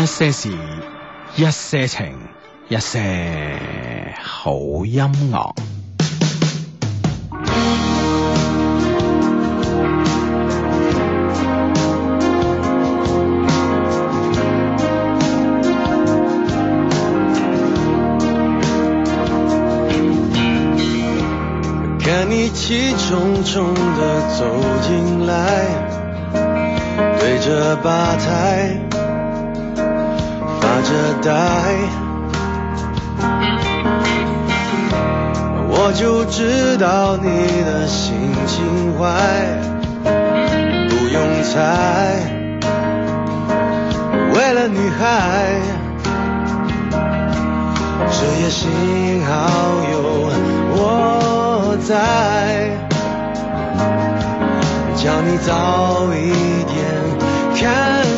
一些事，一些情，一些好音樂。發着呆，我就知道你的心情壞，不用猜。為了女孩，這也幸好有我在，叫你早一點看。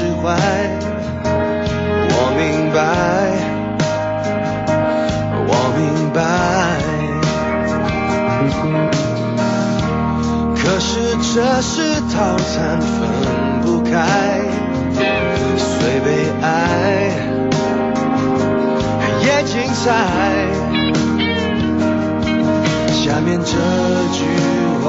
我明白，我明白。 可是這是套餐分不開， 雖悲哀，也精彩。 下面這句話。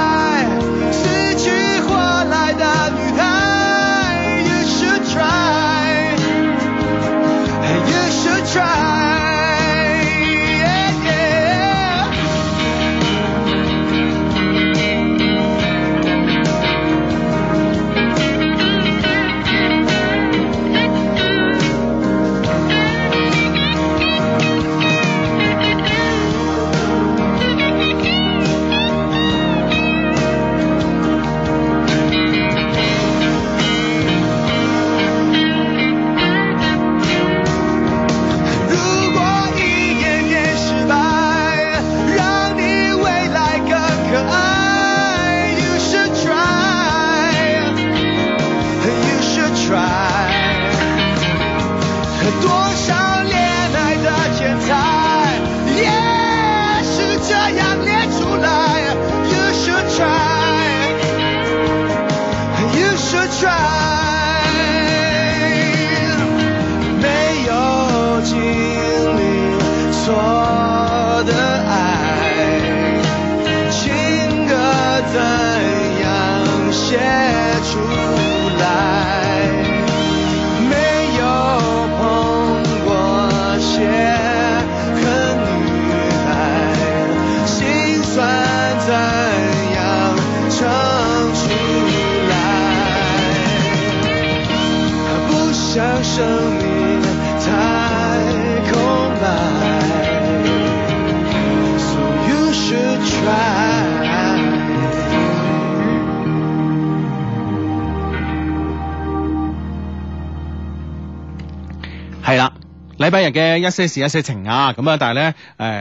嘅一些事、一些情啊，咁啊，但係咧，誒。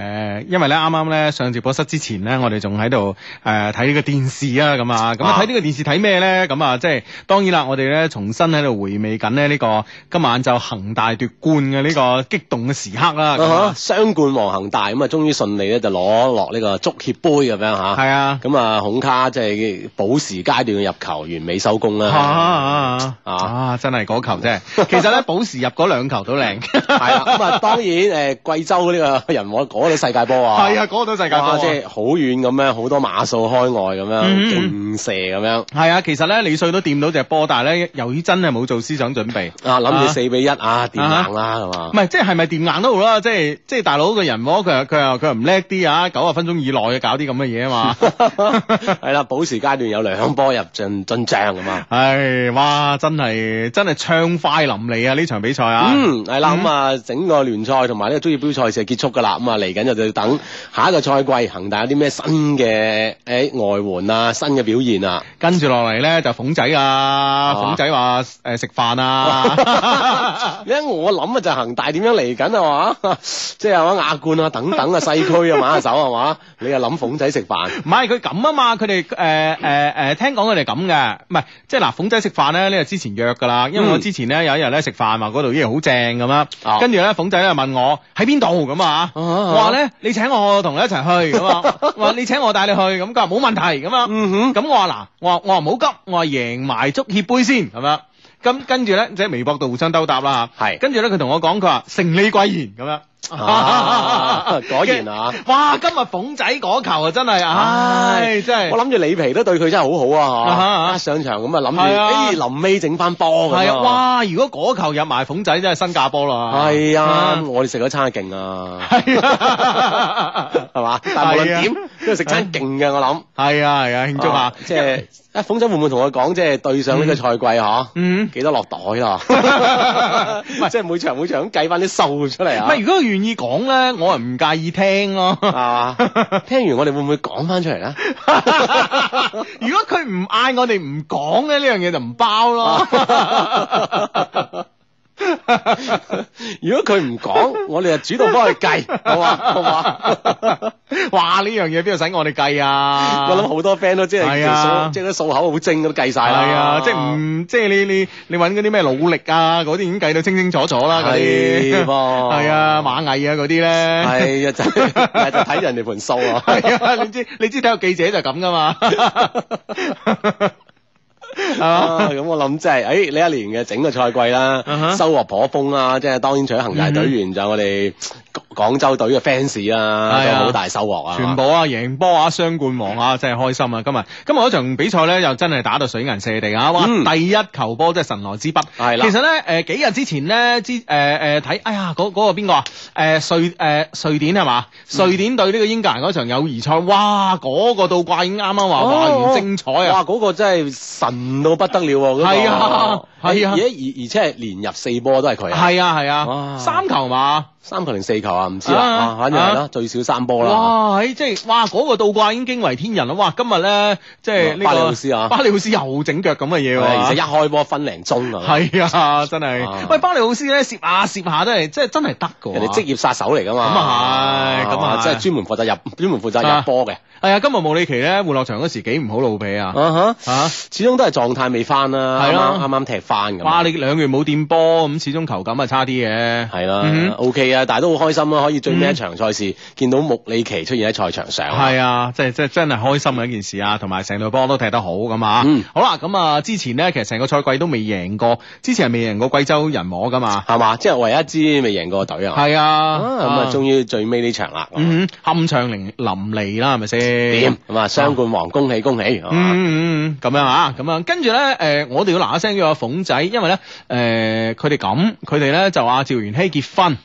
因為咧，啱啱咧上直播室之前咧，我哋仲喺度誒睇呢個電視啊咁啊，咁啊睇呢個電視睇咩咧？咁啊，即係當然啦，我哋咧重新喺度回味緊咧呢個今晚就恒大奪冠嘅呢個激動嘅時刻啦。嚇、啊哈！樣雙冠王恒大咁啊，終於順利咧就攞落呢個足協杯咁樣嚇。係啊，啊，咁啊孔卡即係補時階段嘅入球，完美收工啦。嚇！啊，啊啊真係嗰球啫。 其實咧補時入嗰兩球都靚。係 啦、啊，咁啊當然誒貴州呢個人和嗰個世界波。係啊，嗰度世界盃，即係好遠咁樣，好多碼數開外咁樣勁射咁樣。係啊，其實咧李瑞都掂到隻波，但係咧由於真係冇做思想準備，啊諗住四比一啊，掂硬啦係嘛。唔係，即係咪掂硬都好啦，即係即係大佬嘅人，佢佢又佢又唔叻啲啊，九十分鐘以內搞啲咁嘅嘢啊嘛。係啦，補時階段有兩波入進進賬啊嘛。唉，哇，真係真係暢快淋漓啊呢場比賽啊。嗯，係啦，咁啊整個聯賽同埋呢個中葉杯賽事結束噶啦，咁啊嚟緊就就。等下一個賽季，恒大有啲咩新嘅誒外援啊，新嘅表現啊？跟住落嚟咧就鳳仔啊，鳳仔話誒食飯啊！你我諗啊就恒大點樣嚟緊啊嘛？即係話亞冠啊等等啊西區啊玩下手係嘛？你又諗鳳仔食飯？唔係佢咁啊嘛，佢哋誒誒誒聽講佢哋咁嘅，唔係即係嗱鳳仔食飯咧，你個之前約㗎啦，因為我之前咧有一日咧食飯話嗰度啲嘢好正咁啦，跟住咧鳳仔咧問我喺邊度咁啊？我話咧。你請我同你一齊去，咁啊，我話你請我帶你去，咁佢話冇問題，咁啊，嗯哼、uh，咁、huh. 我話嗱，我話我話唔好急，我話贏埋足協盃先，咁樣，咁跟住咧就喺微博度互相兜搭啦，係是，跟住咧佢同我講，佢話成李貴賢咁樣。啊！果然啊！哇！今日鳳仔嗰球啊，真係啊，唉，真係。我諗住里皮都對佢真係好好啊，吓上場咁啊，諗住，誒，臨尾整翻波咁咯。係啊！哇！如果嗰球入埋鳳仔，真係新加坡啦。係啊！我哋食咗餐勁啊，係嘛？但係無論點，都食餐勁嘅。我諗係啊係啊，慶祝下，即係啊，鳳仔會唔會同佢講，即係對上呢個賽季嗬？嗯，幾多落袋啊？即係每場每場咁計翻啲數出嚟啊！願意講咧，我啊唔介意聽咯，係嘛？聽完我哋會，會，唔會講翻出嚟咧？如果佢唔嗌我哋唔講咧，呢樣嘢就唔包咯。 如果佢唔講， 我哋就主動幫佢計，好嘛好嘛，哇呢樣嘢邊度使我哋計啊？ 我諗好多 friend 都知、啊、即係，即係啲數口好精都計晒啦，即係唔即係你你你揾嗰啲咩努力啊嗰啲已經計到清清楚楚啦嗰啲，係吧 啊螞蟻、就是、 啊嗰啲咧，係啊就就睇人哋盤數啊，你知你知，睇個記者就咁噶嘛。 啊，咁我諗即係，誒、欸、呢一年嘅整個賽季啦，uh huh. 收穫頗豐啦，即係當然除咗恒大隊員 就我哋。廣州隊嘅 fans 啊，都好、啊、大收穫啊！全部啊，贏波啊，雙冠王啊，真係開心啊！今日今日嗰場比賽咧，又真係打到水銀瀉地啊！哇，嗯、第一球波真係神來之筆，係啦、啊。其實咧，誒幾日之前咧，之誒誒睇，哎呀，嗰嗰、那個邊個啊？誒瑞誒、呃、瑞典係嘛？瑞典對呢個英格蘭嗰場友誼賽，哇！嗰、那個倒掛已經啱啱話話完精彩啊！哦哦、哇，嗰、那個真係神到不得了喎！係啊，係、那個、啊，啊，啊，而而而且係連入四波都係佢。係啊，係啊，啊，啊，三球嘛，三球零、啊、四。球啊，唔知啊，反正係啦，最少三波啦。哇，即係，哇，嗰個倒掛已經驚為天人啦！哇，今日咧，即係巴里奧斯啊，巴里奧斯又整腳咁嘅嘢，其實一開波分零鐘啊，係啊，真係。喂，巴里奧斯咧，攝下攝下都係，即係真係得嘅。人哋職業殺手嚟噶嘛，咁啊，咁啊，即係專門負責入，專門負責入波嘅。係啊，今日穆里奇咧，換落場嗰時幾唔好老脾啊，啊始終都係狀態未翻啦，係咯，啱啱踢翻咁。哇，你兩月冇掂波咁，始終球感啊差啲嘅。係啦，OK 啊，但係都好開。開心咯！可以最尾一場賽事，嗯、見到穆里奇出現喺賽場上，係啊，即係即係真係開心嘅一件事啊，同埋成隊波都踢得好咁啊！嗯、好啦，咁啊，之前咧其實成個賽季都未贏過，之前係未贏過貴州人和噶嘛，係嘛，即係唯一支未贏過嘅隊啊！係啊，咁啊，終於最尾呢場啦，酣暢淋漓啦，係咪先？咁啊，雙冠王，嗯、恭喜恭喜！咁、嗯嗯嗯嗯嗯嗯、樣啊，咁啊，跟住咧，誒，我哋、嗯呃、要嗱嗱聲叫阿鳳仔，因為咧，誒，佢哋咁，佢哋咧就阿趙元熙結婚。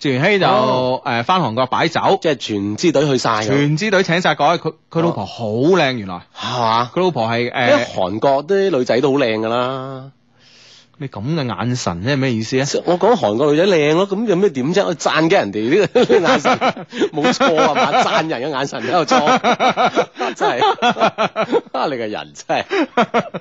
朱元熙就誒返韓國擺酒、哦，即係全支隊去晒。全支隊請晒各位，佢佢老婆好靚原來，係嘛、啊？佢老婆係誒、呃、韓國啲女仔都好靚噶啦，你咁嘅眼神咧係咩意思啊？我講韓國女仔靚咯，咁有咩點啫？我讚嘅人哋呢個眼神，冇錯啊嘛，讚人嘅眼神喺度錯，真係，你個人真係。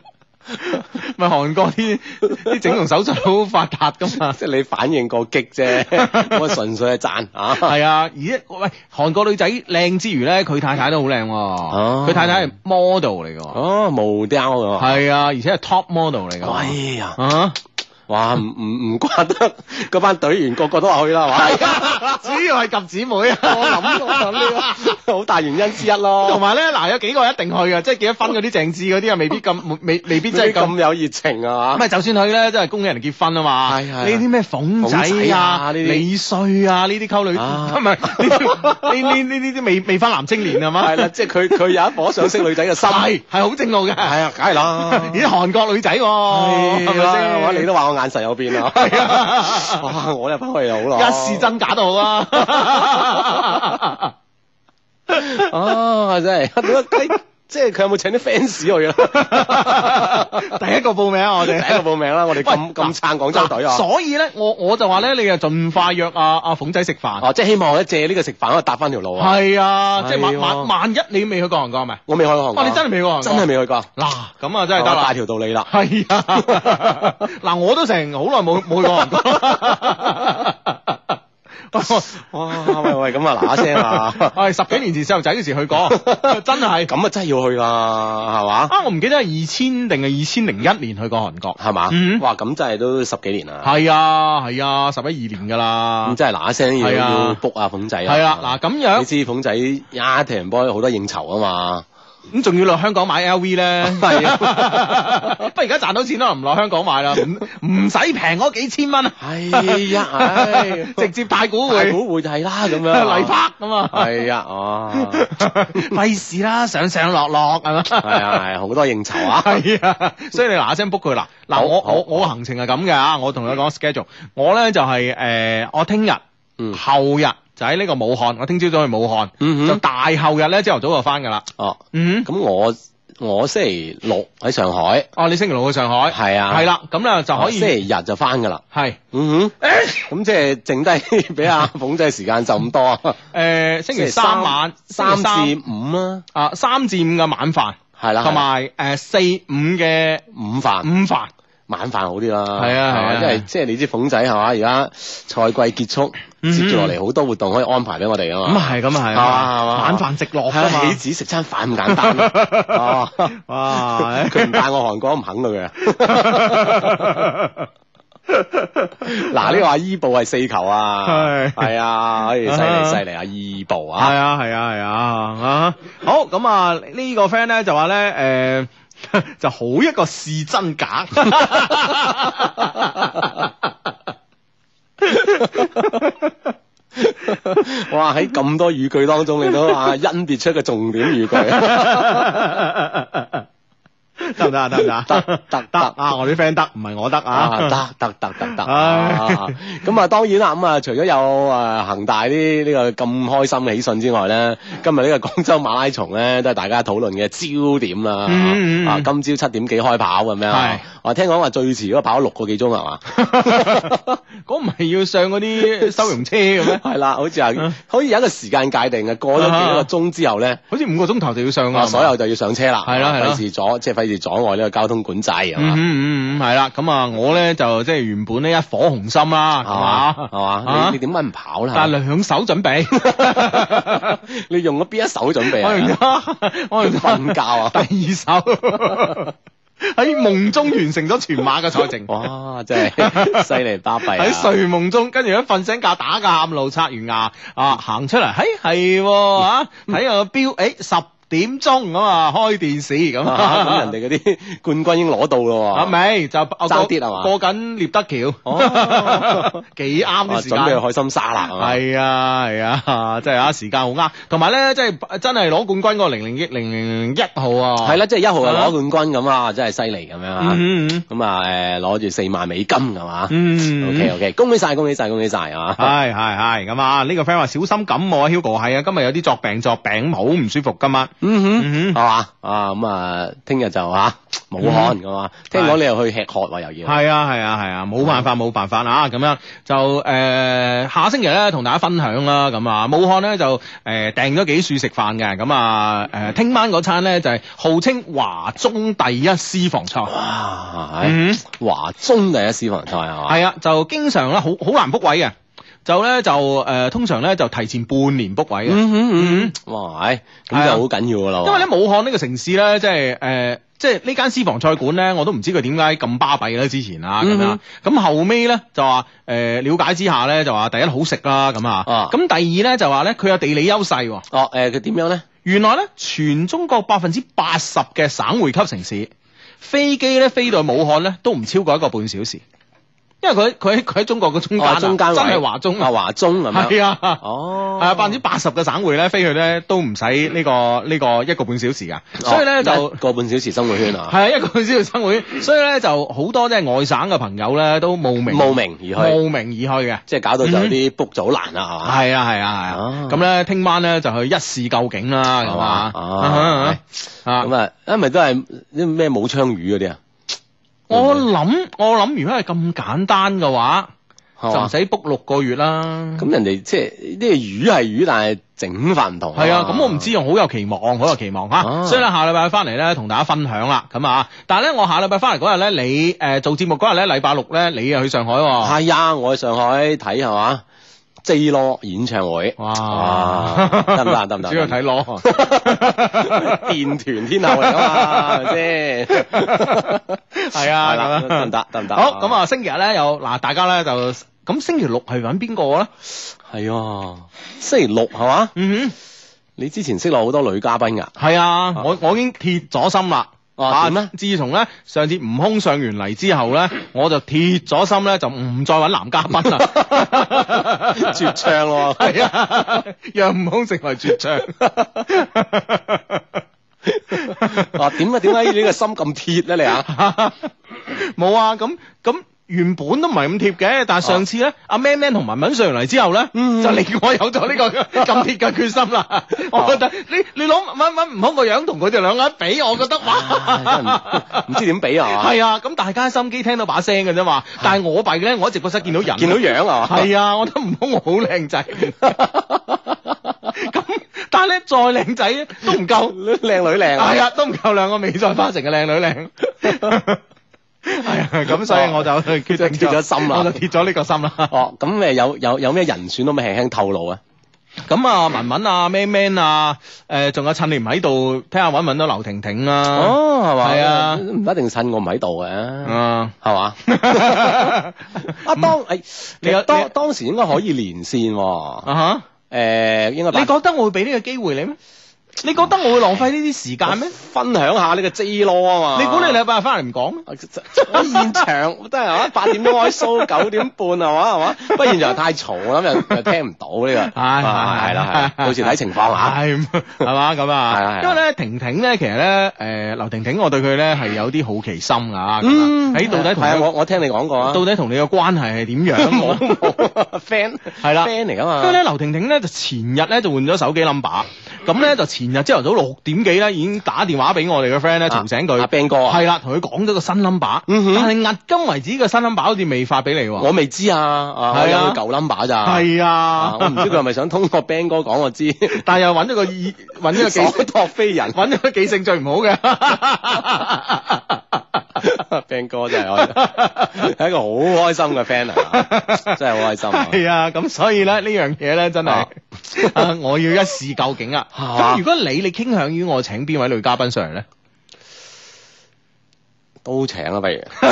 咪 韓國啲啲整容手術好發達㗎嘛，即係你反應過激啫， 我純粹係讚嚇。係啊，而家喂韓國女仔靚之餘咧，佢太太都好靚喎，佢太太係 model 嚟㗎。哦，無雕㗎。係啊，而且係 top model 嚟㗎。哎呀，嗯、啊。哇，唔唔唔怪得，嗰班隊員個個都話去啦，係嘛？主要係夾姊妹啊！我諗到緊呢個好大原因之一咯。同埋咧嗱，有幾個一定去嘅，即係結婚嗰啲政治嗰啲啊，未必咁未未必真係咁有熱情啊嘛。唔，就算去咧，即係恭喜人哋結婚啊嘛。係呢啲咩鳳仔啊、呢啲尾婿啊、呢啲溝女唔係呢呢呢呢啲未未翻男青年係嘛？係啦，即係佢佢有一顆想識女仔嘅心，係係好正路嘅，係啊，梗係啦。咦？韓國女仔喎，係咪先？你都話我。眼神有變啦， 啊，我哋翻去又好啦，一試真假都好啦。啊，真係。即係佢有冇請啲 fans 去？ 第一個報名、啊、 我哋第一個報名啦、啊！我哋咁咁撐廣州隊啊！啊啊所以咧，我我就話咧，你啊盡快約阿、啊、阿、啊、鳳仔飯、啊、食飯啊！即係希望咧借呢個食飯可以搭翻條路啊！係啊！啊即係萬萬萬一你未去過韓國係咪？是是我未去過韓國、啊。你真係未？真係未去過？嗱、啊，咁啊真係得啦！大條道理啦！係是啊！嗱、 啊，我都成好耐冇冇去過韓國。 哇、 啊，喂喂，咁啊嗱嗱聲啊！係 十幾年前細路仔嗰時去過， 真係咁啊， 真係要去啦，係嘛？啊，我唔記得係二千定係二千零一年去過韓國，係嘛吧？嗯，哇，咁真係都十幾年啦。係啊，係啊，十一二年噶啦、嗯，真係嗱嗱聲要、啊、要 book 阿、啊鳳，啊啊、鳳仔。係啊，嗱咁樣，你知鳳仔呀踢人波好多應酬啊嘛。咁仲要落香港買 LV 咧？係啊，不過而家賺到錢啦，唔落香港買啦，唔使平嗰幾千蚊。係啊，直接派股會，股會就係啦咁樣，泥拍咁啊。係啊，哦，費事啦，上上落落係嘛？係啊，係好多應酬啊。係啊，所以你嗱嗱聲 book 佢啦。嗱，我我我行程係咁嘅啊，我同你講 schedule。我咧就係誒，我聽日、後日。喺呢個武漢，我聽朝早去武漢，就大後日咧，朝頭早就翻噶啦。哦，咁我我星期六喺上海。哦，你星期六去上海。係啊，係啦，咁咧就可以。星期日就翻噶啦。係，咁即係剩低俾阿鳳仔時間就咁多。誒，星期三晚三至五啊。啊，三至五嘅晚飯係啦，同埋誒四五嘅午飯。午飯晚飯好啲啦。係啊係啊，即係即係你知，鳳仔係嘛？而家賽季結束。接住落嚟好多活動可以安排俾我哋啊嘛，咁啊係咁啊係啊，晚飯直落啊嘛？起子食餐飯咁簡單啊！哇，佢唔帶我韓國唔肯佢啊！嗱，呢個阿伊布係四球啊，係啊，可以犀利犀利啊，伊布啊，係啊係啊係啊啊！好咁啊，呢個 friend 咧就話咧，誒，就好一個試真假。 哇！喺咁多語句當中，你都話甄別出嘅重點語句。 得唔得啊 và,？得唔得？得得得啊！我啲 friend 得，唔係我得啊！得得得得得！咁啊，當然啦。咁、嗯、啊，除咗有誒恒大啲呢個咁開心嘅喜訊之外咧，今日、這個、呢個廣州馬拉松咧都係大家討論嘅焦點啦、啊。啊，mm. 今朝七點幾開跑嘅咩？我聽講話最遲都跑咗六個幾鐘係嘛？嗰唔係要上嗰啲收容車嘅咩？係啦，好似係、啊，好似有一個時間界定嘅，過咗幾個鐘之後咧，好似、uh huh, 五個鐘頭就要上，所有就要上車啦。係啦係啦，費事咗，即係費事。阻礙呢個交通管制啊！嗯嗯嗯，係啦，咁啊，我咧就即係原本呢一顆紅心啦，係嘛，係嘛、啊啊，你點解唔跑啦、啊？但係兩手準備， 你用咗邊一手準備 我用瞓覺啊！第二手喺夢 中完成咗全馬嘅賽程，哇！真係犀利巴閉喺睡夢中，跟住喺瞓醒覺，打個喊路，刷完牙啊，行出嚟，嘿、哎，係啊，睇個表，誒，十。點鐘咁啊，開電視咁，咁人哋嗰啲冠軍已經攞到咯，係咪就揸啲係嘛，過緊獵德橋，幾啱嘅時間，準備去海心沙啦，係啊係啊，即係啊時間好啱，同埋咧即係真係攞冠軍嗰個零零億零零一號啊，係啦，即係一號就攞冠軍咁啊，真係犀利咁樣啊，咁啊誒攞住四萬美金係嘛，嗯，ok ok，恭喜晒恭喜晒恭喜晒啊，係係係咁啊，呢個 friend 話小心感冒啊，Hugo 係啊，今日有啲作病作病，好唔舒服噶嘛。嗯哼，係嘛啊咁啊，聽日、mm hmm. 就啊武漢噶嘛，聽講你又去吃喝喎又要，係啊係啊係啊，冇、啊啊、辦法冇、啊、辦法啊咁樣就誒、呃、下星期咧同大家分享啦咁啊武漢咧就誒訂咗幾處食飯嘅，咁啊誒聽晚嗰餐咧就係、是、號稱華中第一私房菜，哇，華、啊 mm hmm. 中第一私房菜啊，嘛，係啊，就經常咧好好難 book 位嘅。就咧就誒、呃，通常咧就提前半年 book 位嘅。嗯嗯嗯，哇，咁就好緊要咯、啊。因為咧武漢呢個城市咧，即係誒、呃，即係呢間私房菜館咧，我都唔知佢點解咁巴閉啦。之前啊，咁、嗯、哼樣，咁後尾咧就話，誒、呃，了解之下咧就話，第一好食啦，咁啊，咁、啊、第二咧就話咧佢有地理優勢、啊。哦、啊，誒、呃，佢點樣咧？原來咧，全中國百分之八十嘅省會級城市，飛機咧飛到武漢咧都唔超過一個半小時。因為佢佢喺佢喺中國嘅中間，真係華中啊華中係咪？啊，哦，係啊，百分之八十嘅省會咧，飛去咧都唔使呢個呢個一個半小時噶，所以咧就個半小時生活圈啊，係啊，一個半小時生活圈，所以咧就好多即係外省嘅朋友咧都慕名慕名而去，慕名而去嘅，即係搞到就啲 book 就好難啦，係嘛？係啊係啊係，咁咧聽晚咧就去一試究竟啦，係嘛？哦，咁啊，因為都係啲咩武昌魚嗰啲啊？我諗我諗，如果係咁簡單嘅話，啊、就唔使 book 六個月啦。咁、嗯、人哋即係啲魚係魚，但係整法唔同。係啊，咁我唔知，好有期望，好有期望吓。啊、所以咧，下禮拜翻嚟，咧同大家分享啦。咁啊，但係咧，我下禮拜翻嚟嗰日咧，你誒、呃、做節目嗰日咧，禮拜六咧，你又去上海，啊。係啊，我去上海睇係嘛。看看 J 咯演唱會，哇，得唔得？得唔得？主要睇咯，電團天后嚟噶嘛，係咪先？係啊，得唔得？得唔得？好，咁啊，星期日咧有嗱，大家咧就咁星期六係搵邊個咧？係啊，星期六係嘛？嗯哼，你之前識落好多女嘉賓噶，係啊，我我已經鐵咗心啦。但係咧，自從咧上次悟空上完嚟之後咧，我就鐵咗心咧，就唔再揾男嘉賓啦 絕唱咯，係啊，啊 讓悟空成為絕唱。 啊，點解點解你個心咁鐵咧、啊？你啊，冇 啊，咁咁。原本都唔係咁貼嘅，但係上次咧，阿 Man Man 同文文上嚟之後咧，就令我有咗呢個咁貼嘅決心啦。我覺得你你攞文文吳康個樣同佢哋兩個一比，我覺得哇，唔知點比啊！係啊，咁大家心機聽到把聲嘅啫嘛。但係我弊咧，我一直覺得見到人，見到樣啊。嘛？係啊，我覺唔吳我好靚仔。咁但係咧，再靚仔都唔夠靚女靚。係啊，都唔夠兩個美再花城嘅靚女靚。係啊，咁所以我就決定跌咗心啦，我就跌咗呢個心啦。哦，咁誒有有有咩人選都咪輕輕透露啊？咁啊文文啊 Man Man 啊，誒仲有趁你唔喺度，聽下搵唔搵到劉婷婷啊？哦，係嘛，係啊，唔一定趁我唔喺度嘅，係嘛。啊當誒其實當當時應該可以連線喎。啊吓，誒應該你覺得我會俾呢個機會你咩？你覺得我會浪費呢啲時間咩？分享下你個 J 羅啊嘛，你估你禮拜日翻嚟唔講咩？不現場都係啊，八點鐘開 show，九點半係嘛係嘛，不現場太嘈，我諗又又聽唔到呢個，係係啦，到時睇情況吓，係嘛咁啊。哎哎、因為咧，婷婷咧，其實咧，誒、呃，劉婷婷，我對佢咧係有啲好奇心啊。 嗯，喺到底同係啊，我我聽你講過啊，到底同你嘅關係係點樣 ？friend 係啦，friend 嚟啊嘛。所以咧，劉婷婷咧就前日咧就換咗手機 number。咁咧就前日朝頭早六點幾咧已經打電話俾我哋嘅 friend 咧，嘈醒佢。阿 Ben 哥，啊，係啦，同佢講咗個新 number，嗯、哼但係至今為止個新 number 好似未發俾你喎。我未知啊，係啊，舊 number 咋？係啊，我唔知佢係咪想通過 Ben 哥講我知， 但係又揾咗個揾咗個技術托飛人，揾 咗個記性最唔好嘅。 啊，Ben 哥真係我，係一個好開心嘅 friend 啊，真係好開心。係啊，咁所以咧呢樣嘢咧真係，我要一試究竟啊。咁、啊、如果你你傾向於我請邊位女嘉賓上嚟咧，都請啊，不如 即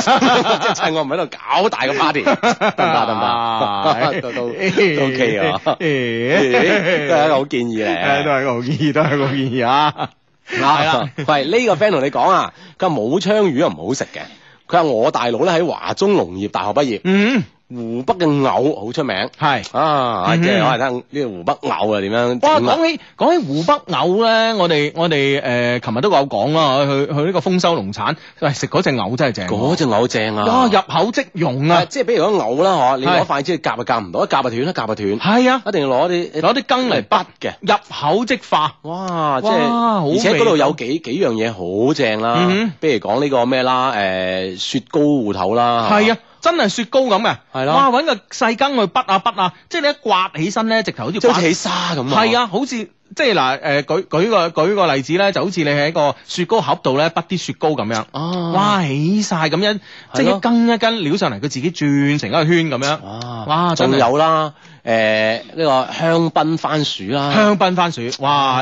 係我唔喺度搞大個 party，得唔得？得唔得？都 OK 啊。 都係一個好建議嚟、啊，都係一個好建議，都係一個建議啊。嗱，係、啊，餵呢 個 friend 同你講啊，佢話武昌魚唔好食嘅，佢話我大佬咧喺華中農業大學畢業。嗯。湖北嘅藕好出名，係啊，即係我係睇呢個湖北藕啊點樣？哇，講起講起湖北藕咧，我哋我哋誒，琴日都有講啦，去去呢個豐收農產喂食嗰隻藕真係正，嗰隻藕正啊，入口即溶啊，即係比如講藕啦，嗬，你攞筷子夾啊夾唔到，夾就斷啦，夾就斷，係啊，一定要攞啲攞啲羹嚟滗嘅，入口即化，哇，即係而且嗰度有幾幾樣嘢好正啦，比如講呢個咩啦，誒，雪糕芋頭啦，係啊。真係雪糕咁嘅，係咯。哇！揾個細羹去滗啊滗啊，即係你一刮起身咧，直頭好似刮起沙咁啊。係啊，好似即係嗱，誒，舉舉個舉個例子咧，就好似你喺一個雪糕盒度咧滗啲雪糕咁樣。哦。哇！起晒咁樣，即係一羹一羹料上嚟，佢自己轉成一個圈咁樣。哇！真係。仲有啦，誒，呢個香檳番薯啦。香檳番薯，哇！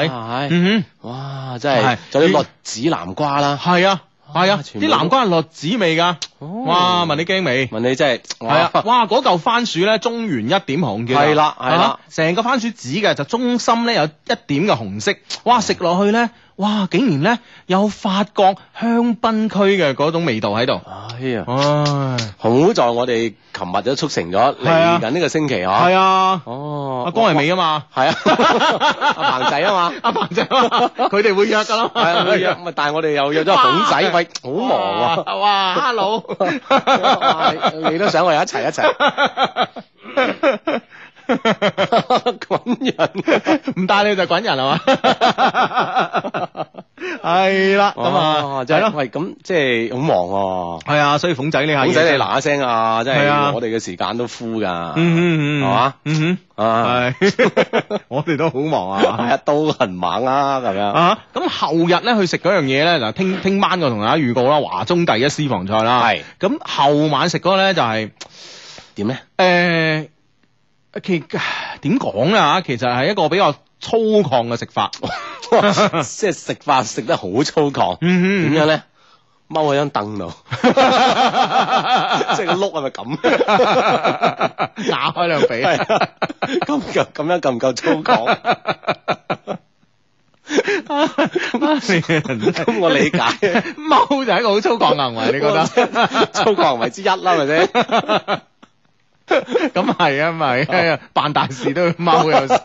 嗯哼，哇！真係。仲有呢個紫南瓜啦。係啊。係啊，啲的南瓜係栗子味噶，哇！問你驚未？問你真係係啊！的哇，嗰嚿 番薯咧，中原一點紅嘅係啦係啦，成個番薯紫嘅，就中心咧有一點嘅紅色，哇！食落去咧～ 哇！竟然咧有法國香檳區嘅嗰種味道喺度。哎呀，唉，好在我哋琴日就促成咗，嚟緊呢個星期嗬。係啊，哦，阿光係未啊嘛？係啊，阿彭仔啊嘛，阿彭仔，佢哋會約㗎囉。係啊，會約，咁啊，但係我哋又約咗阿熊仔，喂，好忙喎。哇，哈佬，你都想我哋一齊一齊。滾人唔帶你去就滾人係嘛？係啦，咁啊就係咯。喂，咁即係好忙喎。係啊，所以鳳仔你啊，鳳仔你嗱一聲啊，即係我哋嘅時間都枯噶，係嘛，係我哋都好忙啊，一刀痕猛啊咁樣。啊，咁後日咧去食嗰樣嘢咧，嗱，聽聽晚我同大家預告啦，華中第一私房菜啦。係咁後晚食嗰個咧就係點咧？誒。其實點講咧，其實係一個比較粗獷嘅食法， 即係食法食得好粗獷。點樣咧？踎喺張凳度，即係碌係咪咁？ 打開兩鼻，咁夠咁樣夠唔夠粗獷？咁 我理解踎 就係一個好粗獷嘅行為， 你覺得 粗獷行為之一啦，係咪先？咁係 啊，咪、啊，辦、oh. 大事都要踎，有時，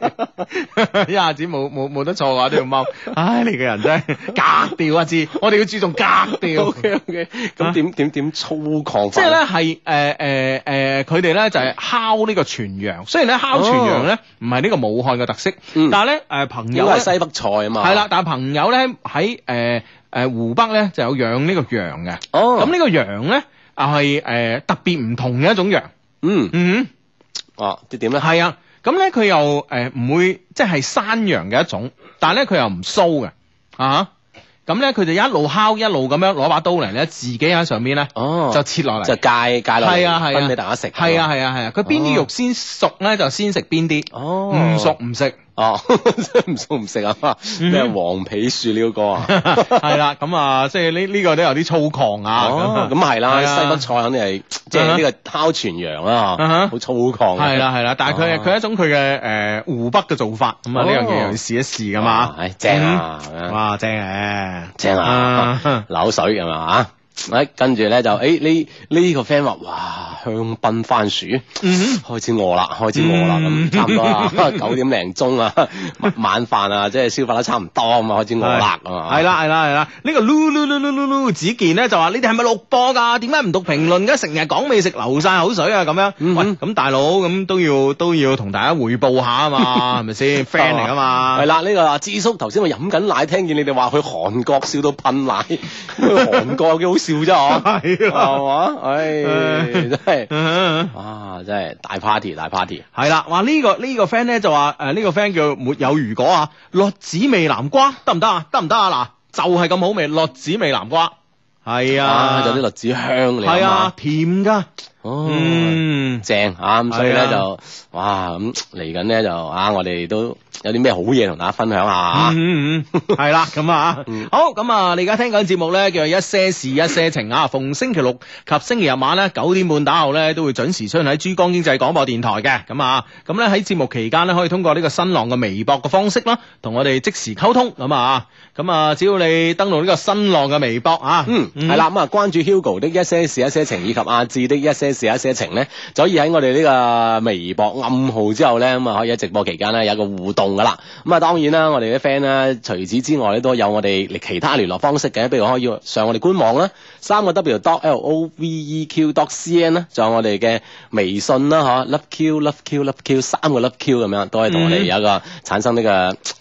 一下子冇冇冇得錯啊，都要踎。唉，你嘅人真係格調啊！知， 我哋要注重格調。O K O K，咁點點點粗狂，狂呢？即係咧，係誒誒誒，佢哋咧就係烤呢個全羊。雖然咧烤全羊咧唔係呢個武漢嘅特色，嗯、但係咧誒朋友，因為西北菜啊嘛。係啦，但係朋友咧喺誒誒湖北咧就有養呢個羊嘅。哦。咁呢個羊咧係誒特別唔同嘅一種羊。嗯嗯，哦、嗯啊，即點咧？係啊，咁咧佢又誒唔、呃、會即係山羊嘅一種，但係咧佢又唔騷嘅啊，咁咧佢就一路烤一路咁樣攞把刀嚟咧，自己喺上邊咧，哦、就切落嚟，就戒，戒落嚟，分俾、啊啊、大家食。係啊，係啊，係啊，佢邊啲肉先熟咧就先食邊啲，唔熟唔食。嗯哦，唔熟唔食啊，咩黃皮樹鷯哥啊？係啦，咁啊，即係呢呢個都有啲粗獷啊，咁係啦，西北菜肯定係即係呢個烤全羊啦，好粗獷。係啦係啦，但係佢係一種佢嘅誒湖北嘅做法，咁啊，呢樣嘢可以試一試噶嘛。誒，正啊！哇，正啊，正啊，扭水係嘛？誒， 跟住咧就誒呢呢個 friend 話哇香檳番薯、mm hmm. 開始餓啦，開始餓啦，咁、mm hmm. 差唔多啦， 九點零鐘啊晚飯啊， 即係消化得差唔多啊嘛，開始餓啦，係啦係啦係啦，呢個嚕嚕嚕嚕嚕嚕子健咧就話你哋係咪錄播噶？點解唔讀評論嘅？成日講美食流晒口水啊咁樣，咁大佬咁都要都要同大家匯報下啊嘛，係咪先 friend 嚟啊嘛？係啦，呢、 嗯這個阿智叔頭先我飲緊奶，聽見你哋話去韓國笑到噴奶，去 韓國有幾好。笑咗我，係啦，係嘛，唉，真係，啊，真係大 party 大 party，係啦，哇呢、呢個呢、呢個 friend 咧就話，誒、呃、呢、呢個 friend 叫沒有如果啊，栗子味南瓜得唔得啊？得唔得啊？嗱，就係咁好味，栗子味南瓜，係啊，有啲栗子香嚟啊 的 甜噶。哦，正啊！咁所以咧就，哇咁嚟緊咧就啊，我哋都有啲咩好嘢同大家分享下啊！係啦，咁啊，好咁啊！你而家聽緊節目咧，叫做一些事一些情啊，逢星期六及星期日晚咧九點半打後咧都會準時出現喺珠江經濟廣播電台嘅。咁啊，咁咧喺節目期間咧可以通過呢個新浪嘅微博嘅方式啦，同我哋即時溝通。咁啊，咁啊，只要你登錄呢個新浪嘅微博啊，嗯，係啦，咁啊關注 Hugo 的一些事一些情以及阿志的一些。試下寫情咧，就可以喺我哋呢個微博暗號之後咧，咁啊可以喺直播期間咧有一個互動噶啦。咁啊，當然啦，我哋啲 friend 咧，除此之外咧都有我哋其他聯絡方式嘅，比如可以上我哋官網啦，三個 w dot loveq dot cn 啦，仲、e、有我哋嘅微信啦，嗬、啊、love q love q love q，三個 love q 咁樣，都係同我哋有一個、嗯、產生呢個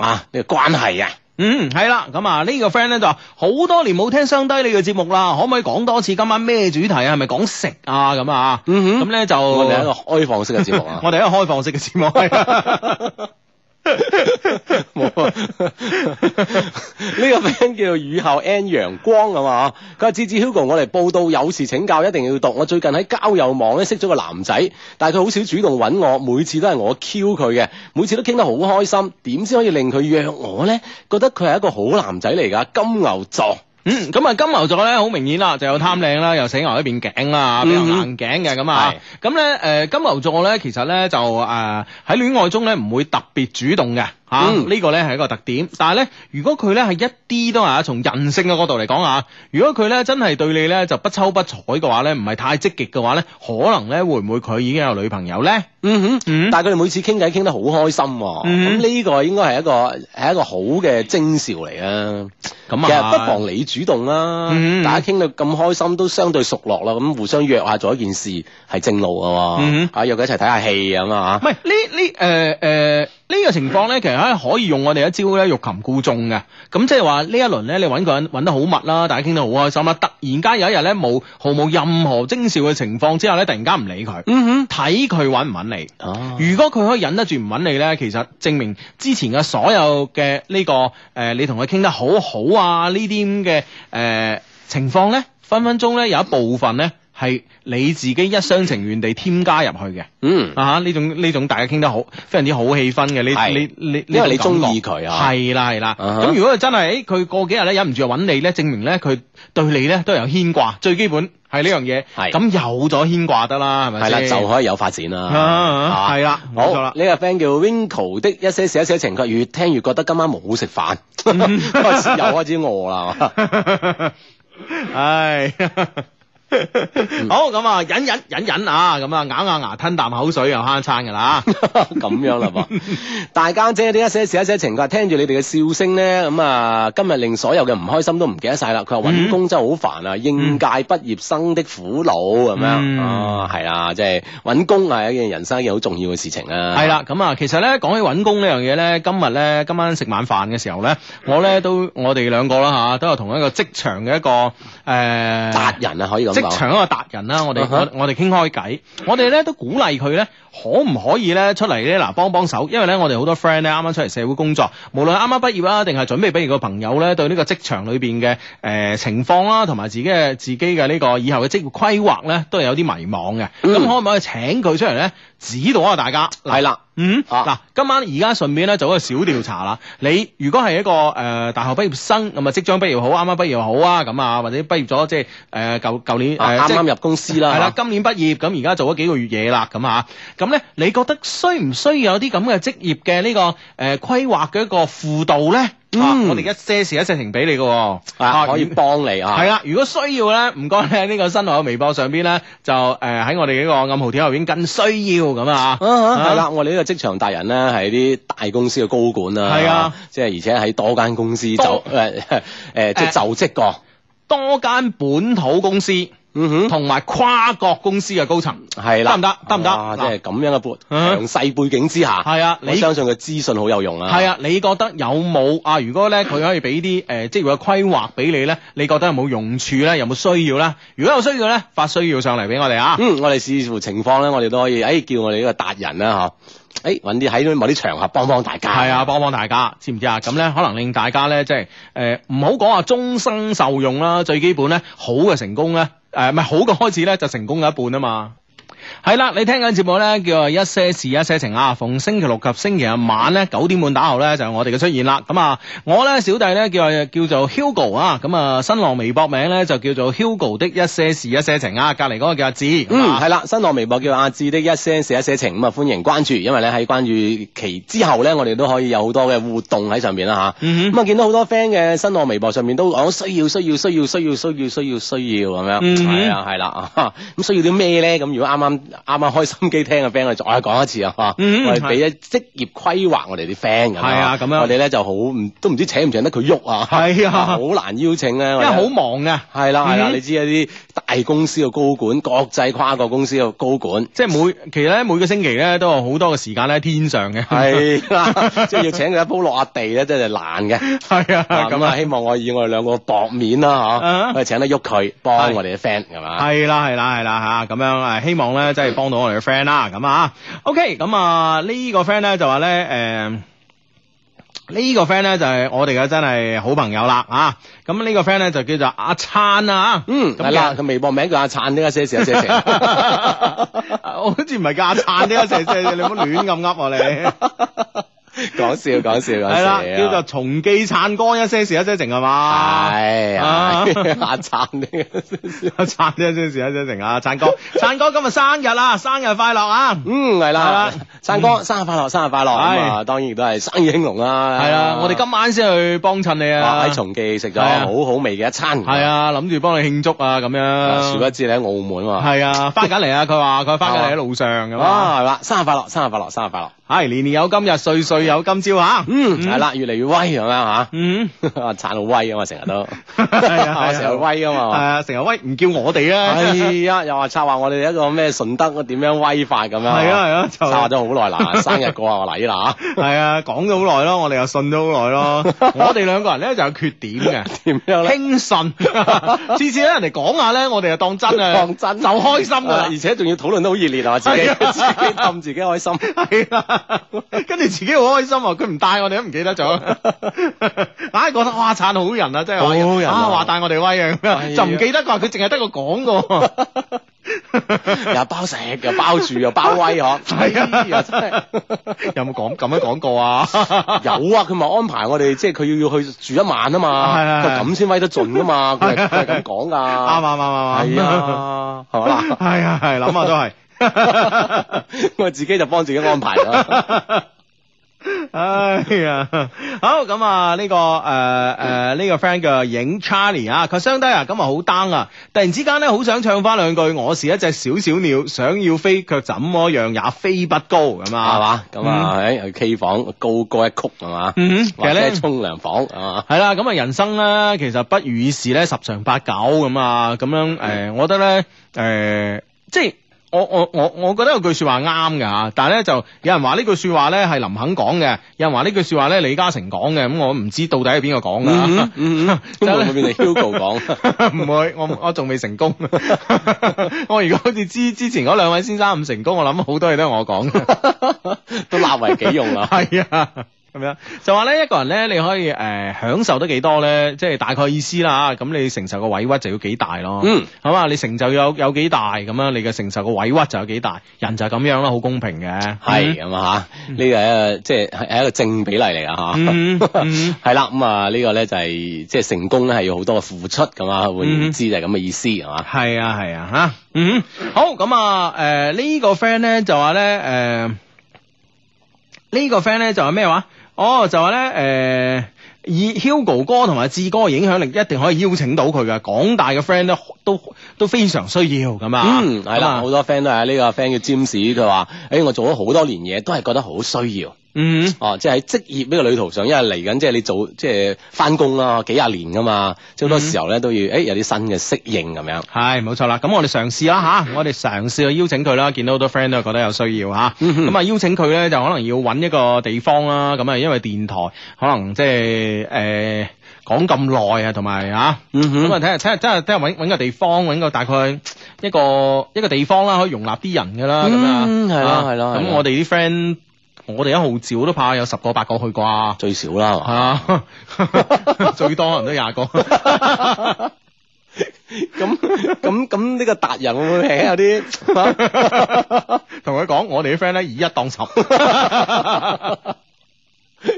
啊呢個關係啊。嗯，係啦，咁啊呢個 friend 咧就好多年冇聽雙低你嘅節目啦，可唔可以講多次今晚咩主題啊？係咪講食啊咁啊？嗯哼，咁咧就我哋一個開放式嘅節目啊，我哋 一個開放式嘅節目。 冇 啊！呢、這個 friend 叫雨後 n 陽光係嘛？佢話子子 Hugo，我嚟報道，有事請教，一定要讀。我最近喺交友網咧識咗個男仔，但係佢好少主動搵我，每次都係我 Q 佢嘅，每次都傾得好開心，點先可以令佢約我呢？覺得佢係一個好男仔嚟噶，金牛座。嗯，咁啊金牛座咧好明顯啦，就有貪靚啦，嗯、又死牛一邊頸啦，比較硬頸嘅咁啊，咁咧誒金牛座咧其實咧就誒喺戀愛中咧唔會特別主動嘅。吓，呢個咧係一個特點，但係咧如果佢咧係一啲都係啊，從人性嘅角度嚟講啊，如果佢咧真係對你咧就不瞅不睬嘅話咧，唔係太積極嘅話咧，可能咧會唔會佢已經有女朋友咧？嗯哼，但係佢哋每次傾偈傾得好開心，咁呢個應該係一個係一個好嘅徵兆嚟啊。咁啊，不妨你主動啦，大家傾到咁開心，都相對熟絡啦，咁互相約下做一件事係正路啊。嗯哼，啊約佢一齊睇下戲咁啊吓。係呢呢誒誒。呢個情況呢，其實可以用我哋一招咧欲擒故縱嘅，咁即係話呢一輪呢，你揾個人揾得好密啦，大家傾得好開心啦，突然間有一日呢，冇，毫無任何徵兆嘅情況之下呢，突然間唔理佢，嗯哼，睇佢揾唔揾你。哦、如果佢可以忍得住唔揾你呢，其實證明之前嘅所有嘅呢、呢個誒、呃，你同佢傾得好好啊，呢啲咁嘅誒情況呢，分分鐘呢，有一部分呢。係你自己一廂情願地添加入去嘅，嗯啊呢種呢種大家傾得好，非常之好氣氛嘅，呢呢呢，因為你中意佢啊，係啦係啦。咁、啊、如果真係，誒佢過幾日咧忍唔住又揾你咧，證明咧佢對你咧都有牽掛，最基本係呢樣嘢。係咁是、啊、有咗牽掛得啦，係咪的？係啦，就可以有發展啦。係啦，冇錯啦，好啦，呢、這個 friend 叫 Winkle 的一些事一些情，越聽越覺得今晚冇好食飯，又開始餓啦，唉 Ai！ 嗯、好咁啊，忍忍忍忍啊，咁啊，咬咬牙吞啖口水又慳餐噶啦，咁 樣啦，噃大家姐啲一些事一些情，佢話聽住你哋嘅笑聲咧，咁啊，今日令所有嘅唔開心都唔記得晒啦。佢話搵工真係好煩啊，嗯、應屆畢業生的苦惱咁、嗯、樣嗯嗯、嗯、啊，係啦，即係搵工係一件人生一件好重要嘅事情啊。係啦，咁啊，是啊、其實咧講起搵工呢樣嘢咧，今日咧今，今晚食晚飯嘅時候咧，我咧都我哋兩個啦吓，都有同一個職場嘅一個誒達、呃、人啊，可以咁。職場一個達人啦，我哋、uh huh. 我哋傾開偈，我哋咧都鼓勵佢咧，可唔可以咧出嚟咧嗱幫幫手？因為咧我哋好多 friend 咧啱啱出嚟社會工作，無論啱啱畢業啊，定係準備畢業嘅朋友咧，對呢個職場裏邊嘅誒情況啦，同埋自己自己嘅呢個以後嘅職業規劃咧，都係有啲迷茫嘅。咁、mm. 可唔可以請佢出嚟咧？指導下大家，係啦的，嗯，嗱、啊，今晚而家順便咧做一個小調查啦。你如果係一個誒、呃、大學畢業生，咁啊即將畢業好，啱啱畢業又好啊，咁啊，或者畢業咗即係誒舊舊年啱啱、呃啊、即入公司啦，係啦的，啊、今年畢業，咁而家做咗幾個月嘢啦，咁啊，咁咧，你覺得需唔需要有啲咁嘅職業嘅呢、呢個誒、呃、規劃嘅一個輔導咧？嗯、啊，我哋一些事一些情俾你嘅，啊，啊可以幫你啊。係啦、啊啊，如果需要咧，唔該喺呢個新浪嘅微博上邊咧，就誒喺我哋呢個暗號條入邊，更需要咁啊。係啦、啊啊啊，我哋呢個職場達人咧，係啲大公司嘅高管啦、啊，係啊，即係而且喺多間公司就誒誒即就職過，啊、多間本土公司。嗯哼，同埋跨國公司嘅高層，係啦，得唔得？得唔得？哇！即係咁樣嘅撥強勢背景之下係啊，的我相信佢資訊好有用啊。係啊，你覺得有冇啊？如果咧佢可以俾啲誒職業嘅規劃俾你咧，你覺得有冇用處咧？有冇需要咧？如果有需要咧，發需要上嚟俾我哋啊。嗯，我哋視乎情況咧，我哋都可以誒，叫我哋呢個達人啦，嗬、啊、誒，揾啲喺某啲場合幫幫大家係啊，幫幫大家知唔知啊？咁咧可能令大家咧即係誒，唔好講話，終生受用啦。最基本咧，好嘅成功咧。誒唔係好嘅開始咧，就成功咗一半啊嘛。係啦， 你聽緊節目咧，叫啊一些事一些情啊，逢星期六及星期日晚咧九點半打後咧就係、我哋嘅出現啦。咁啊，我咧小弟咧叫叫做，做 Hugo 啊，咁啊新浪微博名咧就叫做 Hugo 的一些事一些情啊。隔籬嗰個叫阿志，啊、嗯，係啦，新浪微博叫阿志的一些事一些情。咁啊，歡迎關注，因為咧喺關注期之後咧，我哋都可以有好多嘅互動喺上面啦吓。咁啊，嗯、哼見到好多 friend 嘅新浪微博上面都講需要需要需要需要需要需要需要咁樣，係、嗯、哼啊，係啦，咁、啊、 需要啲咩咧？咁如果啱。啱啱開心機聽嘅 friend，我再講一次啊，我哋俾啲職業規劃我哋啲 friend 咁啊，我哋咧就好，都唔知請唔請得佢喐啊，係啊，好難邀請啊。因為好忙嘅，係啦係啦，你知一啲大公司嘅高管，國際跨國公司嘅高管，即係每其實咧每個星期咧都有好多嘅時間咧喺天上嘅，係啦，即係要請佢一鋪落下地咧真係難嘅，係啊，咁啊，希望我以我哋兩個薄面啦嚇，可以請得喐佢，幫我哋啲 friend 係嘛，係啦係啦係啦嚇，咁樣啊，希望。咧即係幫到我哋嘅 friend 啦，咁啊，OK，咁啊、這個、呢，呢、呃這個 friend 咧就話咧，誒，呢個 friend 咧就係我哋嘅真係好朋友啦，啊，咁、啊這個、呢個 friend 咧就叫做阿燦啊，嗯，係樣啦，個樣微博名叫阿燦點解寫成寫成，好似唔係叫阿燦呢解寫成，你唔好亂咁呃我你。 講笑講笑係啦，叫做松記撐哥一些事，一些情係嘛？係啊，撐啲，撐一些事，一些情啊，撐哥，撐哥今日生日啊，生日快樂啊！嗯，係啦，撐哥生日快樂，生日快樂，咁啊，當然都係生意興隆啦。係啦，我哋今晚先去幫襯你啊，喺松記食咗好好味嘅一餐。係啊，諗住幫你慶祝啊，咁樣。殊不知你喺澳門喎。係啊，翻緊嚟啊，佢話佢翻緊嚟喺路上咁啊，係啦，生日快樂，生日快樂，生日快樂，係年年有今日，歲歲。有今朝嚇，嗯，係啦，越嚟越威咁樣嚇，嗯，話撐到威啊嘛，成日都係啊，成日威啊嘛，係啊，成日威唔叫我哋啊，哎呀，又話策劃我哋一個咩順德點樣威法咁樣，係啊係啊，策劃咗好耐嗱，生日過下個禮啦嚇，係啊，講咗好耐咯，我哋又信咗好耐咯，我哋兩個人咧就有缺點嘅，點樣輕信，次次咧人哋講下咧，我哋又當真啊，當真就開心啊，而且仲要討論得好熱烈啊，自己自己氹自己開心，係啦，跟住自己開心啊！佢唔帶我哋都唔記得咗，硬係覺得哇撐好人啊，真係好人啊，話帶我哋威，啊，就唔記得佢話佢淨係得個講喎，又包食又包住又包威嗬，係啊，真係有冇講咁樣講過啊？有啊，佢咪安排我哋，即係佢要要去住一晚啊嘛，咁先威得盡噶嘛，佢係咁講噶，啱啱啱啱，係啊，係嘛，係啊係諗啊都係，我自己就幫自己安排啦。 哎呀，好咁啊！呢、這個誒誒呢個 friend 叫影 Charlie 啊，佢相低啊，咁啊好 down 啊！突然之間咧，好想唱翻兩句：我是一隻小小鳥，想要飛卻怎、啊、樣也飛不高咁啊，係嘛？咁喺 K 房高歌一曲係嘛？其實，或者沖涼房啊，係啦。咁啊，人生咧，其實不如意事咧十常八九咁啊，咁樣誒，呃嗯、我覺得咧誒、呃，即係。我我我我覺得有句說話啱㗎吓，但係咧就有人話呢句說話咧係林肯講嘅，有人話呢句說話咧李嘉誠講嘅，咁我唔知到底係邊個講㗎吓。即係會唔會變成 Hugo 講，唔 會，我我仲未成功。 我如果好似之之前嗰兩位先生唔成功，我諗好多嘢都係我講， 都納為己用啦。係 啊。咁樣就話咧，一個人咧，你可以誒享受得幾多咧？即係大概意思啦。咁你承受嘅委屈就要幾大咯。嗯，好嘛，你成就有有幾大咁樣，你嘅承受嘅委屈就有幾大。人就係咁樣啦，好公平嘅。係咁啊吓，呢個即係係一個正比例嚟啊吓。嗯，係啦。咁啊，呢個咧就係即係成功咧，係要好多嘅付出咁啊。換言之，就係咁嘅意思係嘛。係啊，係啊，吓。嗯，好。咁啊，誒，呢個 friend 咧就話咧，誒，呢個 friend 咧就話咩話？哦，就話咧，誒、呃，以 Hugo 哥同埋志哥嘅影響力，一定可以邀請到佢嘅廣大嘅 friend 咧都都非常需要咁啊。嗯，係啦這樣 的，好多 friend 都係呢個 friend 叫 j 士佢話，誒、哎，我做咗好多年嘢，都係覺得好需要。嗯，哦，即係喺職業呢個旅途上，因為嚟緊即係你做即係翻工啦，幾廿年噶嘛，即好多時候咧都要，誒，有啲新嘅適應咁樣。係，冇錯啦。咁我哋嘗試啦吓，我哋嘗試去邀請佢啦。見到好多 friend 都係覺得有需要吓，咁啊邀請佢咧就可能要搵一個地方啦。咁啊，因為電台可能即係誒講咁耐啊，同埋吓，咁啊睇下睇下真係睇下搵搵個地方，搵個大概一個一個地方啦，可以容納啲人噶啦咁樣。係啦係啦，咁我哋啲 friend。我哋一號召都怕有十個八個去啩，最少啦， 最多可能都廿個。 咁咁咁呢個達人會唔會起？有啲同佢講，我哋啲 friend 咧以一當十，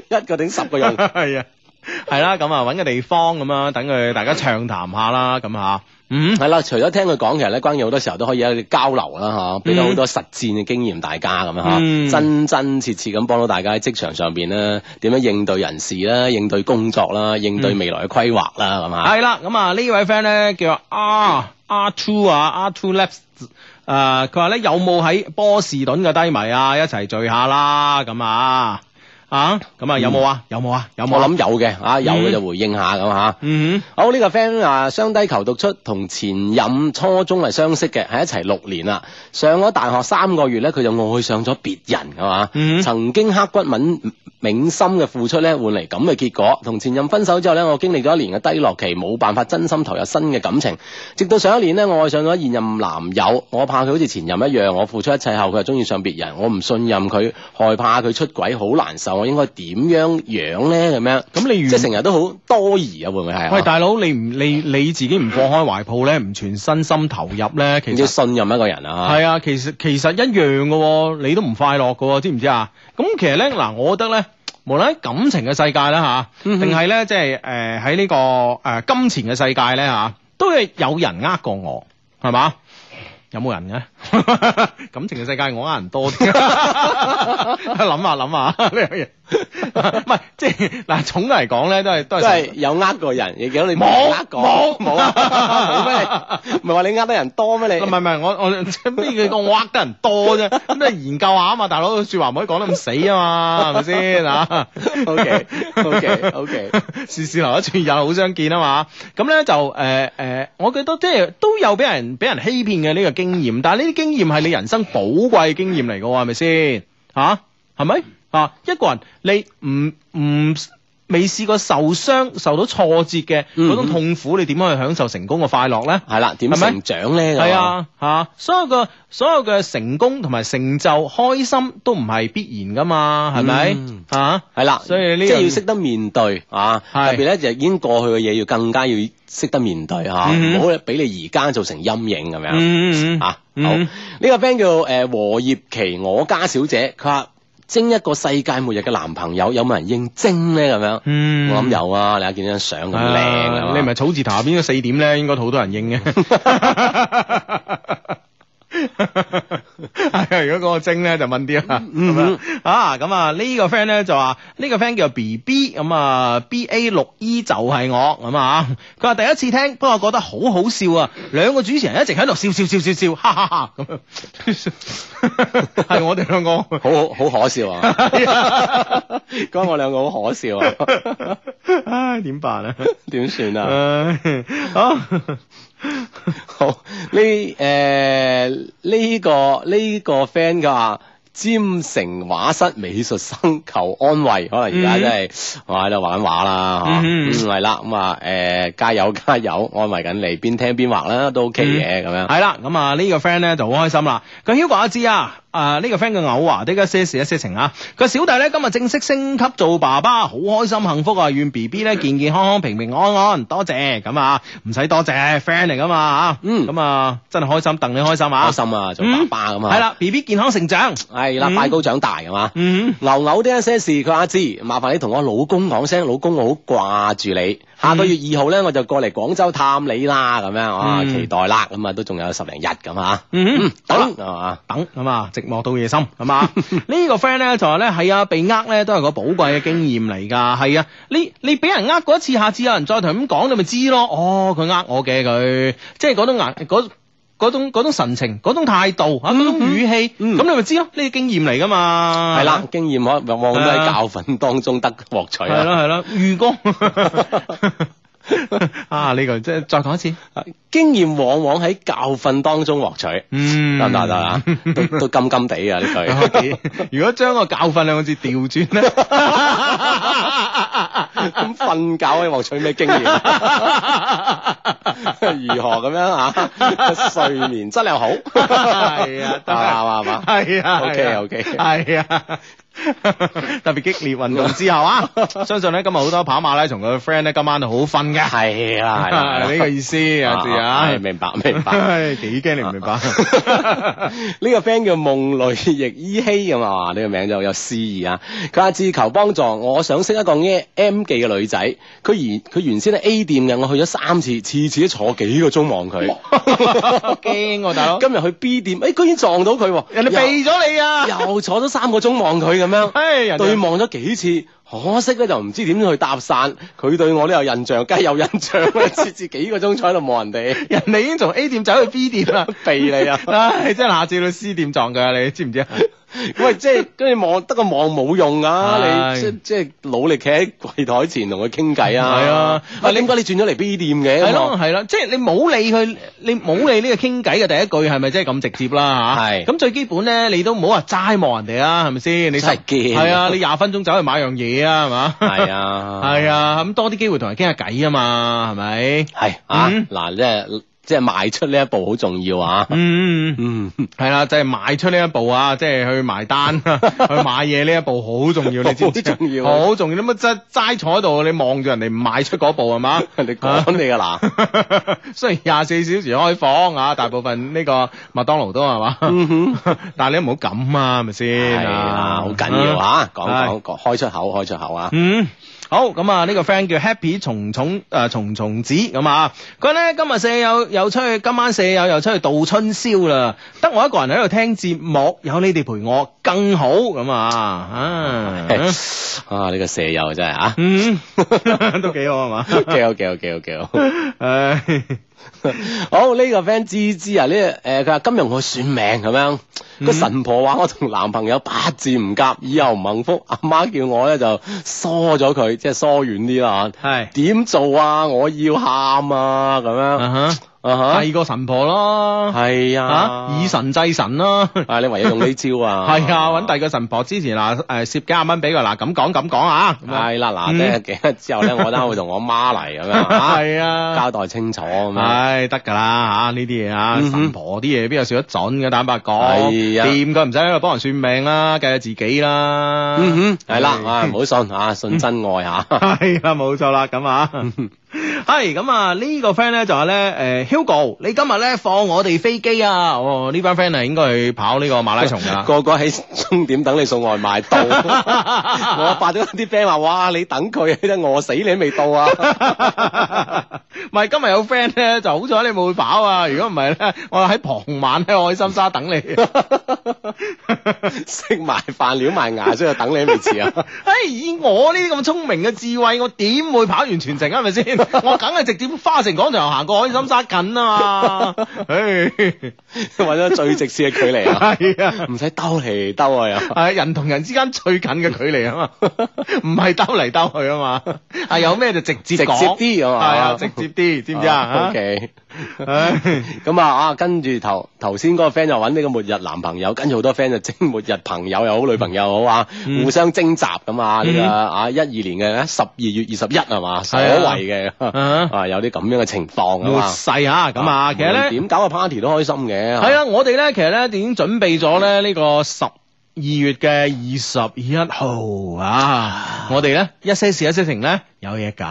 一個頂十個人，係啊。 係啦，咁啊， 搵個地方咁啊，等佢大家暢談下啦，咁吓，嗯，係啦，除咗聽佢講，其實咧，關鍵好多時候都可以喺交流啦，吓、嗯，俾到好多實戰嘅經驗大家咁樣吓，嗯、真真切切咁幫到大家喺職場上邊咧，點樣應對人事啦，應對工作啦，應對未來嘅規劃啦，咁、嗯、啊，係啦， 咁啊呢位 friend 咧叫做 R R Two 啊，R Two Labs，誒、呃，佢話咧有冇喺波士頓嘅低迷啊，一齊聚下啦，咁啊。啊咁啊、mm hmm. 有冇啊有冇、mm hmm. 啊有冇？我諗有嘅啊有嘅就回應下咁吓。嗯，好呢個 friend 啊，雙、mm hmm. 這個啊、低求讀出同前任初中係相識嘅，喺一齊六年啦。上咗大學三個月咧，佢就愛上咗別人嘅嘛。嗯、啊。Mm hmm. 曾經刻骨銘心嘅付出咧，換嚟咁嘅結果。同前任分手之後咧，我經歷咗一年嘅低落期，冇辦法真心投入新嘅感情。直到上一年咧，我愛上咗現任男友，我怕佢好似前任一樣，我付出一切後佢又中意上別人，我唔信任佢，害怕佢出軌，好難受。我應該點樣養咧？咁樣咁，你即係成日都好多疑啊，會唔會係？喂，大佬，你唔你你自己唔放開懷抱咧，唔全身心投入咧，其實信任一個人啊，係啊，其實其實一樣噶、哦，你都唔快樂噶、哦，知唔知啊？咁、嗯嗯、哼其實咧嗱，我覺得咧，無論喺感情嘅世界咧吓，定係咧即係誒喺呢個誒、呃、金錢嘅世界咧吓，都係有人呃過我係嘛？有冇人嘅？ 感情嘅世界我呃人多啲，諗下諗下咩嘢。 唔係， 即係嗱，總嚟講咧，都係都係有呃過人，亦有你冇呃冇冇咩，唔係話你呃得人多咩？你唔係唔係我我咩叫我呃得人多啫，咁啊研究下啊嘛，大佬說話唔可以講得咁死啊嘛，係咪先啊？OK OK OK，事事留一轉又好相見啊嘛。咁咧就誒誒、呃呃，我覺得即係都有俾人俾人欺騙嘅呢個經驗，但係呢啲經驗係你人生寶貴經驗嚟噶，係咪先啊？係咪？啊！一個人你唔唔未試過受傷、受到挫折嘅嗰種痛苦，你點樣去享受成功嘅快樂咧？係啦，點樣成長咧？係啊，吓所有嘅所有嘅成功同埋成就、開心都唔係必然噶嘛？係咪？吓係啦，所以呢，即係要識得面對啊！特別咧就已經過去嘅嘢，要更加要識得面對吓，唔好俾你而家造成陰影咁樣。嗯好，呢個 friend 叫誒和葉奇我家小姐，佢話。徵一個世界末日嘅男朋友，有冇人應徵咧？咁樣，嗯，我諗有啊。你睇下見張相咁靚啊，吧你唔係草字頭邊個四點咧，應該好多人應嘅。 係 如果嗰個精咧就問啲啦，咁、嗯、啊，咁啊呢個 friend 咧就話呢、這個 friend 叫 BB, B B 咁啊 B A 六 E 就係我咁啊，佢話第一次聽，不過覺得好好笑啊，兩個主持人一直喺度笑笑笑笑笑，哈哈哈咁樣，係 我哋兩個好好好可笑啊，講 我兩個好可笑啊，唉 點、啊、辦啊？點算啊？好、哦。 好呢？誒呢、呃這個呢、這個 friend 佢話，尖城畫室美術生求安慰，可能而家真係我喺度玩畫啦，吓、嗯，係啦咁啊！誒加油加油，安慰緊你，邊聽邊畫啦，都 O K 嘅咁樣。係啦，咁啊呢個 friend 咧，就好開心啦。佢 Hugo 阿志啊。啊呢個 friend 嘅偶話啲一些事一些情啊，個小弟咧今日正式升級做爸爸，好開心幸福啊，願 B B 咧健健康康平平安安，多謝咁啊，唔使多謝 friend 嚟噶嘛啊。嗯咁啊真係開心，戥你開心啊，開心啊做爸爸咁啊，係啦 B B 健康成長，係啦快高長大係嘛，嗯，牛牛啲一些事佢阿芝，麻煩你同我老公講聲，老公我好掛住你。下個月二號咧，我就過嚟廣州探你啦，咁樣、嗯、啊，期待啦，咁啊都仲有十零日咁吓。嗯哼，等係了等咁啊，吧寂寞到夜深。係嘛？ 這個、呢個 friend 咧就話、是、咧，係啊，被呃咧都係個寶貴嘅經驗嚟噶，係啊，你你俾人呃過一次，下次有人再同你咁講，你咪知咯。哦，佢呃我嘅佢，即係嗰種嗰種嗰種神情，嗰種態度，啊、嗯，嗰種語氣，咁、嗯、你咪知咯，呢啲經驗嚟噶嘛，係啦，經驗可往往都喺教訓當中得獲取，啊，係啦係啦，漁光。 啊！呢個即係再講一次，啊、經驗往往喺教訓當中獲取，得唔得啊？ 都都金金地啊！呢、這、句、個， 如果將個教訓兩個字調轉咧，咁瞓、 欸、覺可以獲取咩經驗？如何咁樣啊？睡眠質量好，係啊，得嘛嘛嘛，係啊，OK OK，係啊。特別激烈運動之後啊，相信咧今日好多跑馬同佢嘅 friend 咧，今晚好瞓嘅。係啦，係啦，呢個意思啊，明白明白，幾驚你唔明白？呢個 friend 叫夢淚亦依稀咁啊，呢個名就有詩意啊。佢阿智求幫助，我想識一個咩 M 記嘅女仔。佢原佢原先喺 A 店嘅，我去咗三次，次次都坐幾個鐘望佢。驚我大佬，今日去 B 店，誒，居然撞到佢，人哋避咗你啊！又坐咗三個鐘望佢。咁樣，哎，人對望咗幾次。可惜咧就唔知點去搭訕，佢對我都有印象，梗係有印象啦！設置幾個鐘喺度望人哋，人哋已經從 A 店走去 B 店啦，避你啊！即係下次去 C 店撞佢㗎，你知唔知啊？喂，即係跟住望得個望冇用㗎，你即即係努力企喺櫃台前同佢傾偈啊！係啊，喂，點解你轉咗嚟 B 店嘅？係咯，係咯，即係你冇理佢，你冇理呢個傾偈嘅第一句係咪真係咁直接啦？嚇，係咁最基本咧，你都唔好話齋望人哋啊，係咪先？你失見係啊！你廿分鐘走去買樣嘢。係、啊 啊、嘛？係啊，係啊、嗯，咁多啲機會同人傾下偈啊嘛，係咪？係啊，嗱，即係。即係邁出呢一步好重要啊！嗯嗯，係啦，即係邁出呢一步啊，即係去埋單、去買嘢呢一步好重要，你知唔知重要？好重要！你乜齋坐喺度，你望住人哋唔邁出嗰步係嘛？你講你啊嗱，雖然廿四小時開放啊，大部分呢個麥當勞都係嘛，但係你都唔好咁啊，係咪先？係啊，好緊要啊！講講講，開出口，開出口啊！嗯。好咁啊！呢個 friend 叫 Happy 松松，啊松松子咁啊，佢咧今日舍友又出去，今晚舍友又出去度春宵啦。得我一個人喺度聽節目，有你哋陪我更好咁啊！啊，呢個舍友真係啊，嗯，都幾好啊嘛？幾好幾好幾好幾好，唉。 好呢、這個 friend 知知啊，呢、這個誒佢話今日我算命咁樣，個、嗯、神婆話我同男朋友八字唔夾，以後唔幸福，阿媽，媽叫我咧就疏咗佢，即係疏遠啲啦。係點是做啊？我要喊啊！咁樣。Uh huh. 第二，uh huh. 個神婆咯，係啊，啊，以神祭神咯，啊，你唯有用呢招啊，係啊，揾第二個神婆之前嗱，誒、呃，攝幾廿蚊俾佢嗱，咁講咁講、 哎、啊，係啦、 啊，嗱，聽幾之後咧，我等會同我媽嚟咁樣，係啊，交代清楚咁、啊、樣，得噶啦，吓呢啲嘢啊，神婆啲嘢邊有少得準嘅，坦白講，掂佢唔使喺度幫人算命啦，計下自己啦，嗯哼，係啦，啊，唔好信吓、啊，信真愛吓，係啦，冇錯啦，咁啊。 係咁啊！呢個 friend 咧就話咧，誒、呃、Hugo，你今日咧放我哋飛機啊！哦，呢班 friend 係應該去跑呢個馬拉松噶， 個個喺終點等你送外賣到。我發咗啲 friend 話，哇，你等佢啊，等、呃、餓死你都未到啊！ 唔係今日有 friend 咧，就好彩你冇去跑啊！如果唔係咧，我喺傍晚喺海心沙等你，食埋飯、撩埋牙，先去等你都未遲啊！唉、 欸，以我呢啲咁聰明嘅智慧，我點會跑完全程？係咪先？ 我梗係直接花城廣場行過海心沙近啊嘛！唉，揾 咗最直線嘅距離啊！係 啊，唔使兜嚟兜去啊！係人同人之間最近嘅距離啊嘛，唔係兜嚟兜去啊嘛，係、 啊、有咩就直接直接啲啊嘛，係 啊，直接。啲知唔知啊？O K，咁啊啊，okay. 嗯、跟住頭頭先嗰個 friend 就搵呢個末日男朋友，跟住好多 friend 就徵末日朋友又好，女朋友好啊，互相徵集咁啊，而家啊一二年嘅咧十二月二十一係嘛，所謂嘅啊有啲咁樣嘅情況，末世吓咁啊，其實咧點搞個 party 都開心嘅，係啊，我哋咧其實咧已經準備咗咧呢個十二月嘅二十一號啊，我哋咧一些事一些情咧有嘢搞，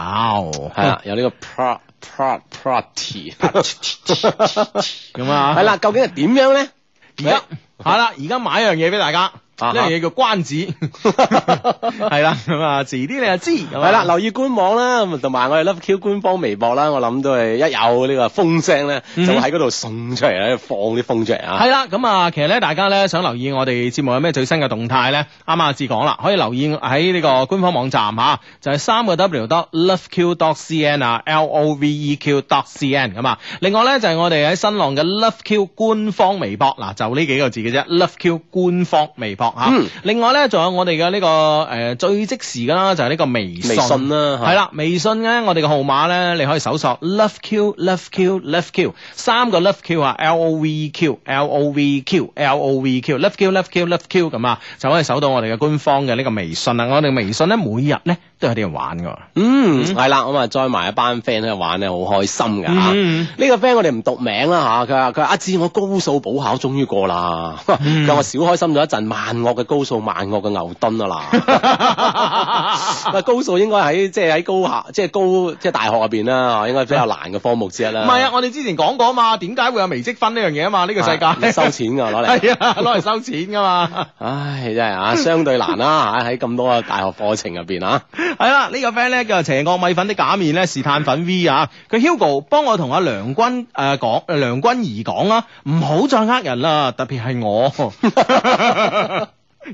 係啦、嗯啊，有呢個 pro。Party 咁啊，係啦，究竟係點樣咧？而家係啦，而家 買一樣嘢俾大家。呢樣嘢叫關子， 係啦咁啊，遲啲你就知，係啦，留意官網啦，同埋我哋 Love Q 官方微博啦，我諗都係一有呢個風聲咧，就會喺嗰度送出嚟咧，放啲風雀啊！係啦， 咁、嗯、啊，其實咧，大家咧想留意我哋節目有咩最新嘅動態咧，啱啱阿志講啦，可以留意喺呢個官方網站嚇、啊，就係三個 W dot Love Q dot C N 啊，L O V E Q dot C N 咁啊。另外咧就係、是、我哋喺新浪嘅 Love Q 官方微博，嗱、啊、就呢幾個字嘅啫，Love Q 官方微博。嗯、另外呢，仲有我哋嘅呢個誒、呃、最即時噶啦，就係呢個微信啦，係啦、啊，微信呢，我哋嘅號碼呢，你可以搜索 love q love q love q 三個 love q 啊，l o v q l o v q l o v q love q love q love q 咁啊，就可以搜到我哋嘅官方嘅呢個微信啦。我哋微信呢，每日呢，都有啲人玩噶，嗯，係啦、嗯，我咪再埋一班 friend 去玩咧，好開心噶呢、嗯啊呢個 friend 我哋唔讀名啦嚇，佢話佢話阿志，我高數補考終於過啦，佢 我小開心咗一陣，惡嘅高數，萬惡嘅牛頓啊啦！咁 高數應該喺即係喺高校，即係高即係大學入邊啦，應該比較難嘅科目之一啦。唔係啊，我哋之前講過嘛，點解會有微積分呢樣嘢啊嘛？呢個世界唔、啊、收錢噶，攞嚟係啊，攞嚟收錢噶嘛。 唉，真係啊，相對難啦，喺喺咁多嘅大學課程入邊啊。係啦，呢個 friend 咧叫邪惡米粉啲假面咧，是探粉 V 啊，佢 Hugo 幫我同阿梁君誒講，梁君怡講啊，唔好再呃人啦，特別係我。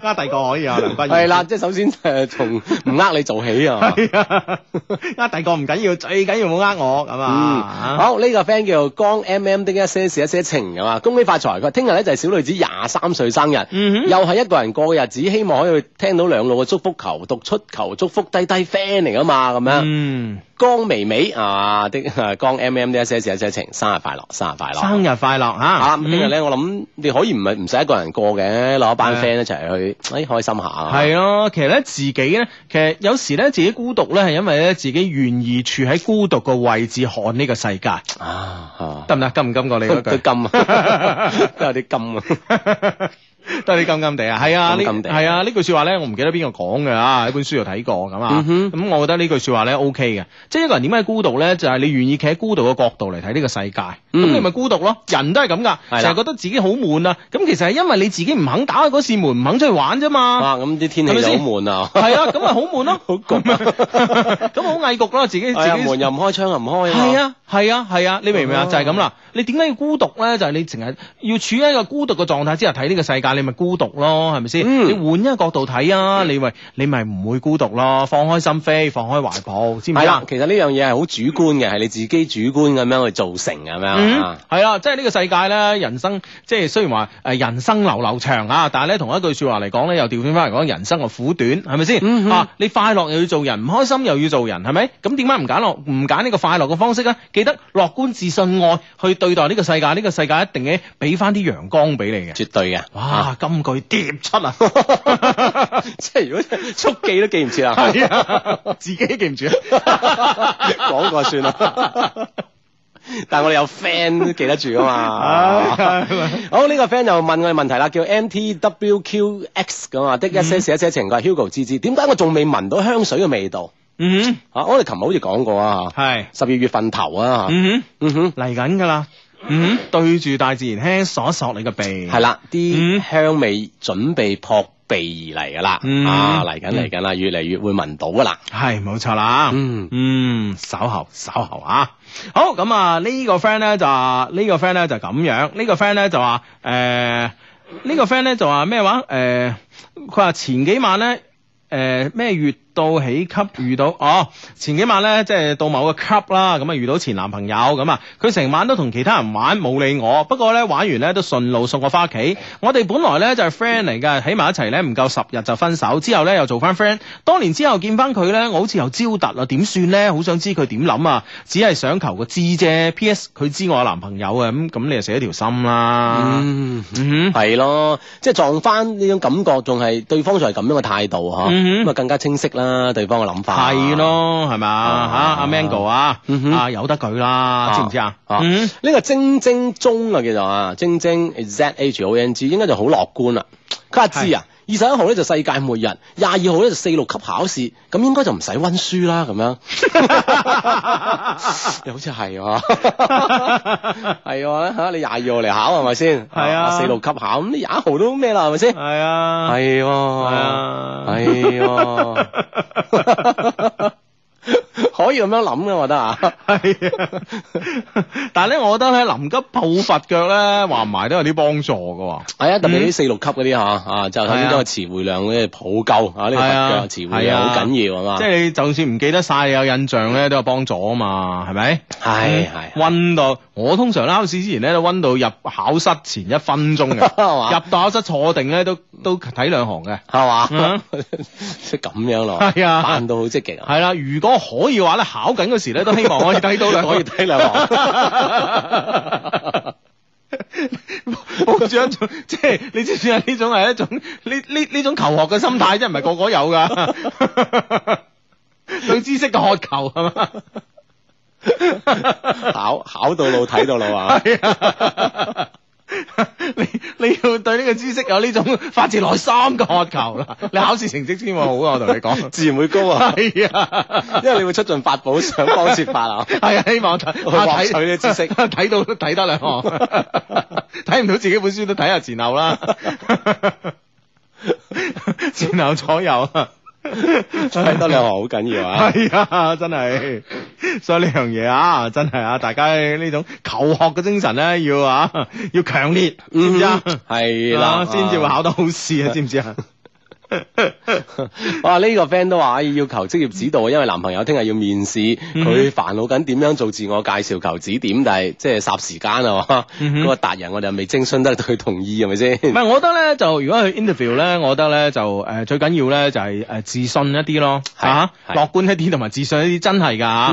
呃，第二個可以啊，唔該係啦，即係首先誒從唔呃你做起啊，係啊，呃第二個唔緊要，最緊要唔好呃我咁啊，好，呢個 friend 叫做江 M M 的一些事一些情係嘛？恭喜發財，佢聽日咧就係小女子廿三歲生日，嗯哼，又係一個人過嘅日子，希望可以聽到兩路嘅祝福球，讀出球祝福，低低 friend 嚟啊嘛，咁樣，嗯，江微微係嘛？的江 M M 的一些事一些情，生日快樂，生日快樂，生日快樂嚇，啊，聽日咧我諗你可以唔係唔使一個人過嘅，攞一班 friend 一齊去。誒、哎，開心下係咯、哦，其實咧自己咧，其實有時咧自己孤獨咧，係因為咧自己願意處喺孤獨嘅位置看呢個世界啊，得唔得？金唔金？金金過你嗰句金啊，都有啲金啊。都係你咁咁地啊，係啊，係啊，呢句説話咧，我唔記得邊個講嘅啊，喺本書度睇過咁啊。咁我覺得呢句説話咧 OK 嘅，即係一個人點解孤獨咧？就係你願意企喺孤獨嘅角度嚟睇呢個世界，咁你咪孤獨咯。人都係咁㗎，成日覺得自己好悶啊。咁其實係因為你自己唔肯打開嗰扇門，唔肯出去玩啫嘛。啊，咁啲天氣好悶啊，係啊，咁咪好悶咯。咁啊，咁好翳焗啦，自己自己門又唔開，窗又唔開。係啊，係啊，係啊，你明唔明啊？就係咁啦。你點解要孤獨咧？就係你成日要處喺一個孤獨嘅狀態之下睇呢個世界，你咪孤獨咯，係咪先？你換一個角度睇啊，你咪你咪唔會孤獨咯，放開心扉，放開懷抱，知唔知？係啦，其實呢樣嘢係好主觀嘅，係你自己主觀咁樣去造成嘅，係咪、嗯、啊？係啦，即係呢個世界咧，人生即係雖然話誒人生流流長啊，但係咧同一句說話嚟講咧，又調轉翻嚟講，人生又苦短，係咪先啊？你快樂又要做人，唔開心又要做人，係咪？咁點解唔揀落唔揀呢個快樂嘅方式咧？記得樂觀、自信、愛去對待呢個世界，呢、呢個世界一定要俾翻啲陽光俾你嘅，絕對嘅，哇！金句疊出啊！叮叮出 即係如果速記都記唔住啊， 自己記唔住，講 過算啦。 但係我哋有 friend 記得住啊嘛？ 好呢、這個 friend 就問我哋問題啦，叫 M T W Q X 噶嘛？一些事一些情個 Hugo 芝芝，點解我仲未聞到香水嘅味道？嗯哼，uh, 我哋琴日好似講過啊，係十二月份頭啊，嗯哼，嗯哼，嚟緊噶啦。嗯，對住大自然，輕輕索索你個鼻，係啦的，啲、嗯、香味準備撲鼻而嚟噶啦，嗯、啊，嚟緊嚟緊啦，越嚟越會聞到噶啦，係冇錯啦，嗯嗯，守候守候啊，好，咁啊呢個 friend 咧就呢、呢個 friend 咧就咁樣，呢、呢個 friend 咧就話誒，呢、呃呢個 friend 咧就話咩話誒，佢、呃、話、這個呃、前幾晚咧誒咩月。到喜級遇到哦，前幾晚呢，即係到某個 club 啦，咁啊遇到前男朋友咁啊，佢成晚都同其他人玩，冇理我。不過呢，玩完呢，都順路送我翻屋企。我哋本來呢，就係、是、friend 嚟嘅，起碼一齊呢，唔夠十日就分手。之後呢，又做翻 friend。多年之後見翻佢呢，我好似又招突啊！點算呢？好想知佢點諗啊！只係想求個知啫。P.S. 佢知我有男朋友啊，咁咁你就死一條心啦。嗯，係、嗯、咯，即係撞翻呢種感覺，仲係對方就係咁樣嘅態度嚇，咁啊、嗯、哼更加清晰啦。啊！對方嘅諗法係咯，係咪啊？吓阿 Mango 啊，啊，由得佢啦，知唔知啊？呢個晶晶中啊，叫做啊，晶晶 Z H O N G，應該就好樂觀啦。佢話知啊。二十一號咧就世界末日，廿二號咧就四六級考試，咁應該就唔使溫書啦咁樣 你。又好似係喎，係喎嚇，你廿二號嚟考係咪先？係啊，四六、啊啊、級考咁你廿一號都咩啦係咪先？係啊，係喎，係喎。可以咁樣諗嘅，我覺得啊，係但係咧，我覺得咧，臨急抱佛腳咧，話唔埋都有啲幫助嘅。係啊，特別啲四六級嗰啲啊，啊，就睇呢個詞彙量咧，抱夠啊呢個佛腳，詞彙量好緊要啊嘛。即係你就算唔記得晒，有印象咧都有幫助啊嘛，係咪？係係。溫到我通常考試之前咧都溫度入考室，前一分鐘入到考室坐定咧都都睇兩行嘅，係嘛？即係咁樣咯，係啊，扮到好積極啊。係啦，如果可以話。考緊嗰時咧，都希望可以睇到啦，可以睇兩行。寶寶一種，即係你知唔知啊？呢種係一種呢呢呢種求學嘅心態，即係唔係個個有噶。對 知識嘅渴求係嘛？考考到老，睇到老啊！ 你你要對呢個知識有呢種發自內心嘅渴求啦，你考試成績先會好啊，我同你講，自然會高啊。係啊，因為你會出盡法寶，想方設法啊。係 啊，希望睇佢嘅知識，睇 到都睇得兩行，睇唔到自己本書都睇下前後啦， 前後左右。睇得兩學好緊要啊！係 啊，真係，所以呢樣嘢啊，真係啊，大家呢種求學嘅精神咧、啊，要啊，要強烈，嗯、知唔知、嗯、啊？係啦，先至會考得好試啊，知唔知啊？ 哇！呢個 friend 都話要求職業指導，因為男朋友聽日要面試，佢煩惱緊點樣做自我介紹，求指點，但係即係霎時間啊。嗰個達人我哋未徵詢得佢同意，係咪先？唔係，我覺得咧就如果去 interview 咧，我覺得咧就誒最緊要咧就係誒自信一啲咯，吓樂觀一啲同埋自信一啲，真係噶。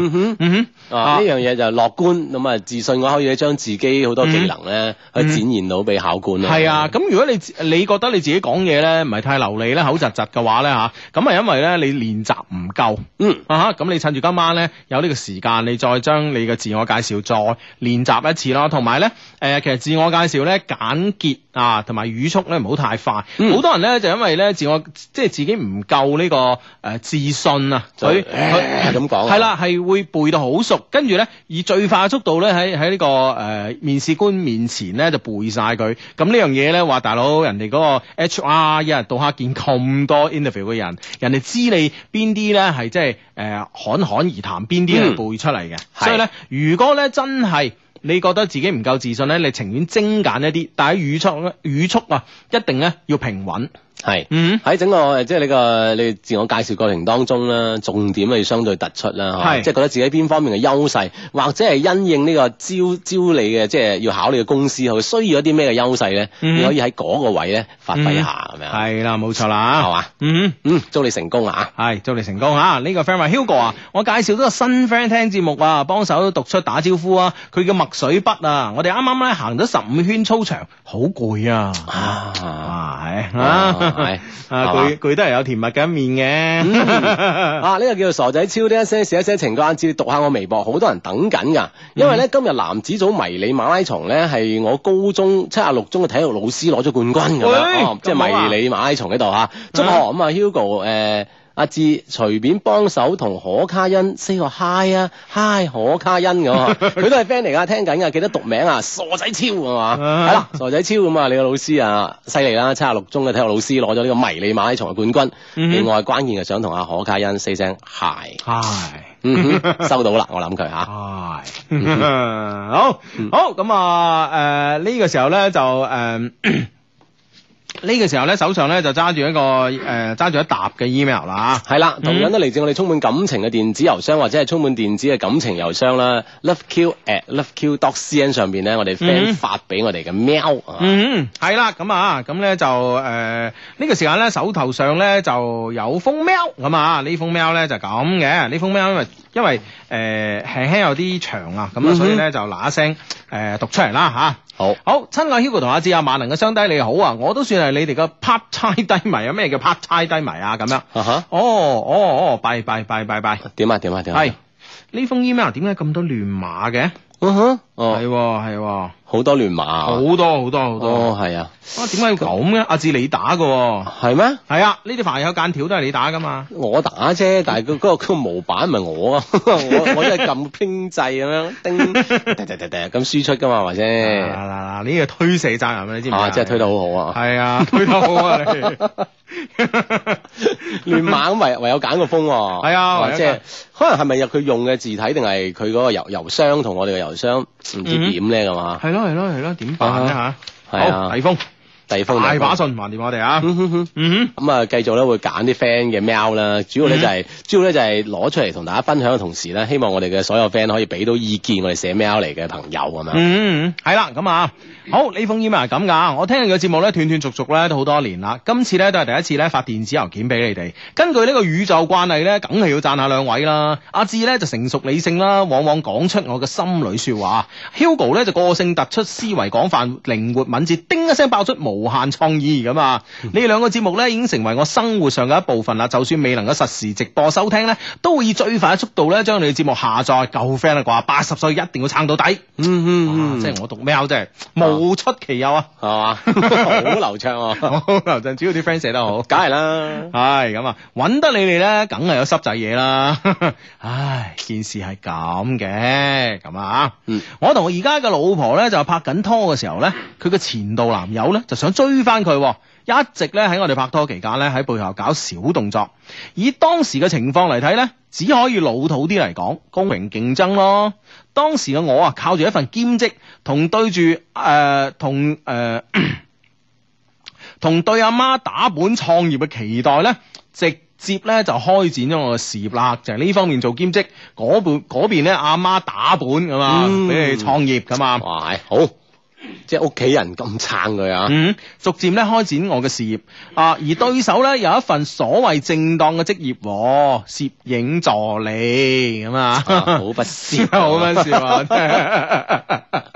呢樣嘢就係樂觀咁啊，自信我可以將自己好多技能咧去展現到俾考官。係啊，咁如果你你覺得你自己講嘢咧唔係太流利啦。 口窒窒嘅話咧吓，咁啊，因為咧你練習唔夠，嗯啊吓，咁你趁住今晚咧有呢個時間，你再將你嘅自我介紹再練習一次咯，同埋咧誒，其實自我介紹咧簡潔。啊，同埋語速咧唔好太快。好多人咧就因為咧自我即係自己唔夠呢個誒自信啊，所以係咁講。係啦，係會背到好熟，跟住咧以最快嘅速度咧喺喺呢個誒面試官面前咧就背晒佢。咁呢樣嘢咧話，大佬人哋嗰個 HR 一日到黑見咁多 interview 嘅人，人哋知你邊啲咧係即係誒侃侃而談，邊啲係背出嚟嘅。所以咧，如果咧真係，你覺得自己唔夠自信咧，你情願精簡一啲，但係語速語速啊，一定咧要平穩。係，喺整個即係呢個你自我介紹過程當中咧，重點要相對突出啦，係即係覺得自己邊方面嘅優勢，或者係因應呢個招招你嘅，即係要考你嘅公司，就是，需要一啲咩嘅優勢咧，嗯、你可以喺嗰個位咧發揮一下咁樣。係啦、嗯，right? 冇錯啦，係嘛、啊，嗯嗯，祝你成功啊！係，祝你成功啊！呢、這個 friend Hugo 啊，我介紹咗個新 friend 聽節目啊，幫手讀出打招呼啊，佢叫墨水筆啊，我哋啱啱咧行咗十五圈操場，好攰啊，啊，啊，啊，啊，啊！啊。係 Right, 啊，佢佢都係有甜蜜嘅一面嘅、嗯。 啊，呢個叫做傻仔超啲一些事一些情，個眼字讀下我微博，好多人等緊噶。因為咧今日男子組迷你馬拉松咧係我高中七啊六中嘅體育老師攞咗冠軍咁樣，即係迷你馬拉松喺度吓。咁啊， 啊，啊，Hugo 誒、呃。阿志隨便幫手同可卡欣 say 個 hi 啊，hi 可卡欣㗎，佢都係 friend 嚟㗎，聽緊啊，記得讀名啊，傻仔超啊嘛，係啦、 嗯，傻仔超咁啊，你個老師啊，犀利啦，七十六中嘅體育老師攞咗呢個迷你馬拉松嘅冠軍，mm hmm. 另外關鍵係想同阿可卡欣 say 聲 hi，hi，hi.、嗯、收到啦，我諗佢嚇，hi，好好咁啊，誒呢好、嗯呃這個時候咧就誒。呃 呢個時候咧，手上咧就揸住一個誒揸住一沓嘅 email 啦、啊、嚇。係啦， 同樣都嚟自我哋充滿感情嘅電子郵箱或者係充滿電子嘅感情郵箱啦。Love Q at Love Q dot cn 上邊咧，我哋 friend 發俾我哋嘅喵。嗯，係啦，咁啊，咁咧就誒呢、呃這個時間咧，手頭上咧就有封喵咁啊。呢封喵咧就咁嘅。呢封喵因為因為誒輕輕有啲長啊，咁啊，所以咧就嗱一聲誒讀出嚟啦嚇。 好好，親愛 Hugo 同阿志阿萬能嘅雙低你好啊，我都算係你哋個拍猜低迷啊，咩叫拍猜低迷啊？咁樣、uh，啊哈，哦，哦，哦，拜拜拜拜拜，點啊點啊點啊，係呢封 email 點解咁多亂碼嘅？嗯哼，哦，係係，好多亂碼，好多好多好多，係啊，哇，點解咁嘅？阿志你打噶，係咩？係啊，呢啲凡有間條都係你打噶嘛，我打啫，但係佢嗰個模板唔係我啊，我我即係撳拼製咁樣，叮，喋喋喋喋咁輸出噶嘛，或者，嗱嗱嗱，呢啲推卸責任啊，你知唔知啊？真係推得好好啊，係啊，推得好啊。你。亂碼咁唯唯有揀個封，係啊，或者可能係咪入佢用嘅字體定係佢嗰個郵郵箱同我哋嘅郵箱唔知點咧，咁嘛？係咯係咯係咯，點辦咧吓？係啊，偉峰。第封大把信還電話我哋啊，咁啊繼續咧會揀啲 friend 嘅 mail 啦，主要咧就係、是嗯、哼主要咧就係攞出嚟同大家分享嘅同時咧，希望我哋嘅所有 friend 可以俾到意見，我哋寫 mail 嚟嘅朋友咁、嗯、樣。嗯，係啦，咁啊，好呢封 email 係咁噶，我聽日嘅節目咧斷斷續續咧都好多年啦，今次咧都係第一次咧發電子郵件俾你哋。根據呢個宇宙慣例咧，梗係要讚下兩位啦。阿志咧就成熟理性啦，往往講出我嘅心裏說話。Hugo 咧就個性突出，思維廣泛，靈活敏捷，叮一聲爆出無無限創意咁啊！嗯、兩節呢兩個節目咧已經成為我生活上嘅一部分啦。就算未能夠實時直播收聽咧，都會以最快嘅速度咧將你哋節目下載。夠 friend 啊，啩，八十歲一定要撐到底。嗯嗯，即係我讀喵，即係、啊、無出其右啊。係嘛吧， 好流暢、啊。好流暢，主要啲 friend 寫得好，梗係啦。唉、 哎，咁啊，揾得你哋咧，梗係有濕仔嘢啦。唉、 哎，件事係咁嘅，咁啊，嗯、我同我而家嘅老婆咧就拍緊拖嘅時候咧，佢嘅前度男友咧就追翻佢，一直咧喺我哋拍拖期間咧喺背後搞小動作。以當時嘅情況嚟睇咧，只可以老土啲嚟講，公平競爭咯。當時嘅我啊，靠住一份兼職，同對住誒、呃，同誒、呃，同對阿媽打本創業嘅期待咧，直接咧就開展咗我嘅事業啦。就喺、是、呢方面做兼職，嗰邊嗰邊咧阿媽打本噶嘛，俾、嗯、你創業噶嘛。哇，係好。即係屋企人咁撐佢啊，嗯、逐漸咧開展我嘅事業啊，而對手咧有一份所謂正當嘅職業、哦，攝影助理咁啊，好不笑、啊，好 不笑話、啊。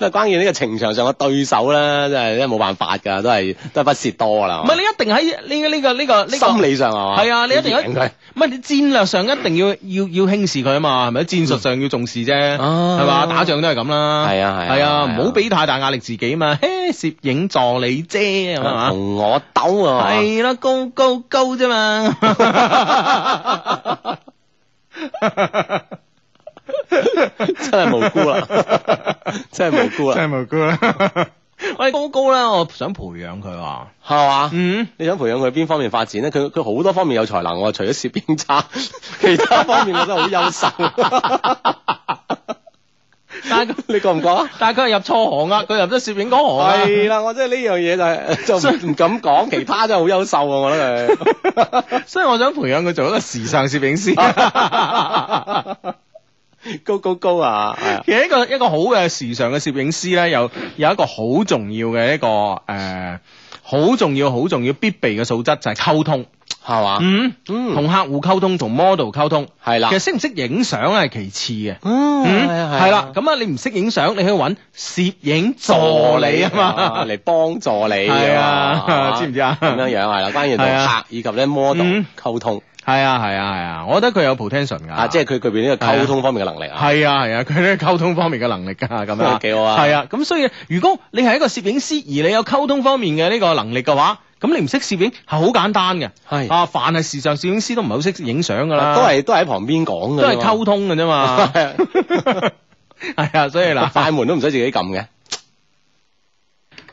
都係關於呢個情場上嘅對手啦，真係真係冇辦法噶，都係都係不屑多啦。唔係你一定喺呢個呢個呢個呢心理上係嘛？係啊，你一定喺唔係你戰略上一定要要要輕視佢啊嘛？係咪喺戰術上要重視啫？係嘛，打仗都係咁啦。係啊係。係啊，唔好俾太大壓力自己啊嘛。嘿，攝影助理啫，係嘛？同我鬥啊？係咯，高高高啫嘛。 真係無辜啦， 真係無辜啦，真係無辜啦。喂，高高咧，我想培養佢，係嘛？嗯，你想培養佢邊方面發展咧？佢佢好多方面有才能，除咗攝影差，其他方面我真係好優秀 但。說說 但係你覺唔覺啊？但係佢入錯行啊！佢入咗攝影嗰行啊。係啦，我真係呢樣嘢，就係就唔、是、 敢講，其他真係好優秀啊！我覺得佢， 所以我想培養佢做一個時尚攝影師。 高高高啊！係啊，其實一個一個好嘅時尚嘅攝影師咧，有有一個好重要嘅一個誒，好重要好重要必備嘅素質就係溝通，係嘛？嗯嗯，同客戶溝通，同 model 溝通，係啦。其實識唔識影相係其次嘅，嗯，係啦。咁啊，你唔識影相，你可以揾攝影助理啊嘛，嚟幫助你，係啊，知唔知啊？咁樣樣係啦，關於同客以及咧 model 溝通。係啊係啊係啊！我覺得佢有 potential 㗎，即係佢佢邊呢個溝通方面嘅能力啊。係啊係啊，佢呢個溝通方面嘅能力㗎，咁樣都幾好啊。係啊，咁所以如果你係一個攝影師，而你有溝通方面嘅呢個能力嘅話，咁你唔識攝影係好簡單嘅。係啊，凡係時尚攝影師都唔係好識影相㗎啦，都係都係喺旁邊講嘅。都係溝通㗎啫嘛。係啊，所以嗱，快門都唔使自己撳嘅。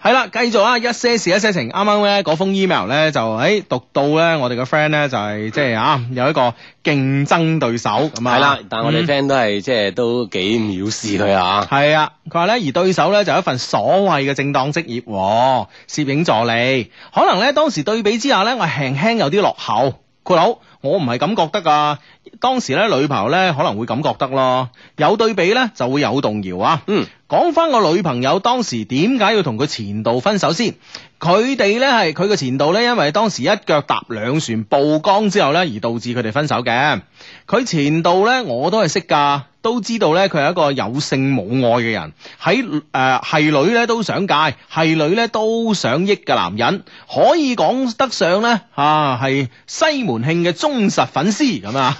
係啦，繼續啊，一些事一些情，啱啱咧封 email 咧就唉讀到咧，我哋嘅 friend 咧就係、是、即係啊有一個競爭對手係係啦，了嗯、但係我哋 friend 都係即係都幾藐視佢啊，係啊，佢話咧而對手咧就有一份所謂嘅正當職業，攝、啊、影助理，可能咧當時對比之下咧，我輕輕有啲落後。佢佬，我唔係咁覺得噶。當時咧，女朋友咧可能會咁覺得咯。有對比咧，就會有動搖啊。嗯，講翻我女朋友當時點解要同佢前度分手先？佢哋咧係佢嘅前度咧，因為當時一腳踏兩船曝光之後咧，而導致佢哋分手嘅。佢前度咧，我都係識噶。都知道咧，佢係一個有性冇愛嘅人，喺誒係女咧都想戒，係女咧都想益嘅男人，可以講得上咧嚇係西門慶嘅忠實粉絲，咁啊！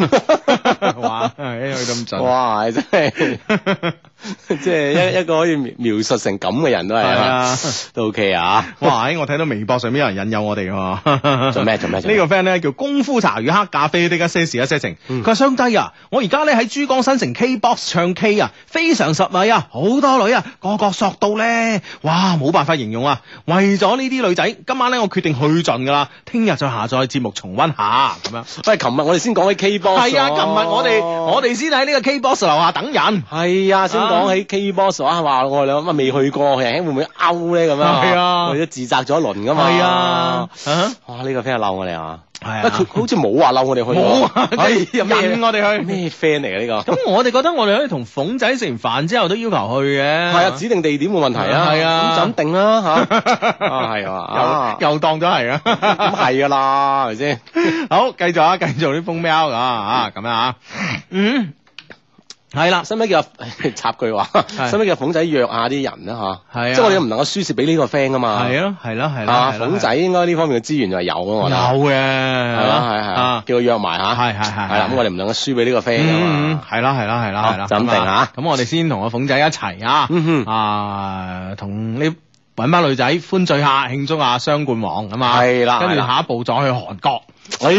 哇，誒佢咁準，哇，真係～ 即係一一個可以描述成咁嘅人都係啊，都 OK 啊！哇！我睇到微博上面有人引誘我哋喎、啊。 做咩做咩？呢個 friend 咧叫功夫茶與黑咖啡的一些事，嗯，的一些事啊一些情。佢話：雙低啊！我而家咧喺珠江新城 K box 唱 K 啊，非常實惠啊，好多女啊，個個索到咧，哇！冇辦法形容啊！為咗呢啲女仔，今晚咧我決定去盡㗎啦，聽日再下載節目重温下咁樣。喂，琴日我哋先講起 K box。係啊，琴日我哋我哋先喺呢個 K box 樓下等人。係啊，先啊。啊。講起 K boss 啊，話我哋兩乜未去過，人會唔會勾咧咁樣？係啊，我哋都自責咗一輪噶嘛。係啊，哇，呢個 friend 嬲我哋啊？係啊，佢好似冇話嬲我哋去，冇啊，又引我哋去。咩 friend 嚟啊，呢個？咁我哋覺得我哋可以同鳳仔食完飯之後都要求去嘅。係啊，指定地點冇問題啊。係啊，咁就定啦吓。啊，係嘛，又又當咗係啊，咁係噶啦，係咪先？好，繼續啊，繼續啲瘋喵咁啊，咁樣啊。嗯。係啦，使唔使叫插句話？使唔使叫鳳仔約下啲人咧嚇？即係我哋唔能夠輸蝕俾呢個 friend 㗎嘛？係啊，係咯，係啦。鳳仔應該呢方面嘅資源就係有啊。有嘅係嘛？係係啊，叫佢約埋嚇。係係係。係啦，咁我哋唔能夠輸俾呢個 friend 啊嘛。係啦係啦係啦。就定嚇。咁我哋先同阿鳳仔一齊啊，啊同呢揾翻女仔歡聚下，慶祝下雙冠王咁啊。係啦。跟住下一步再去韓國。哎、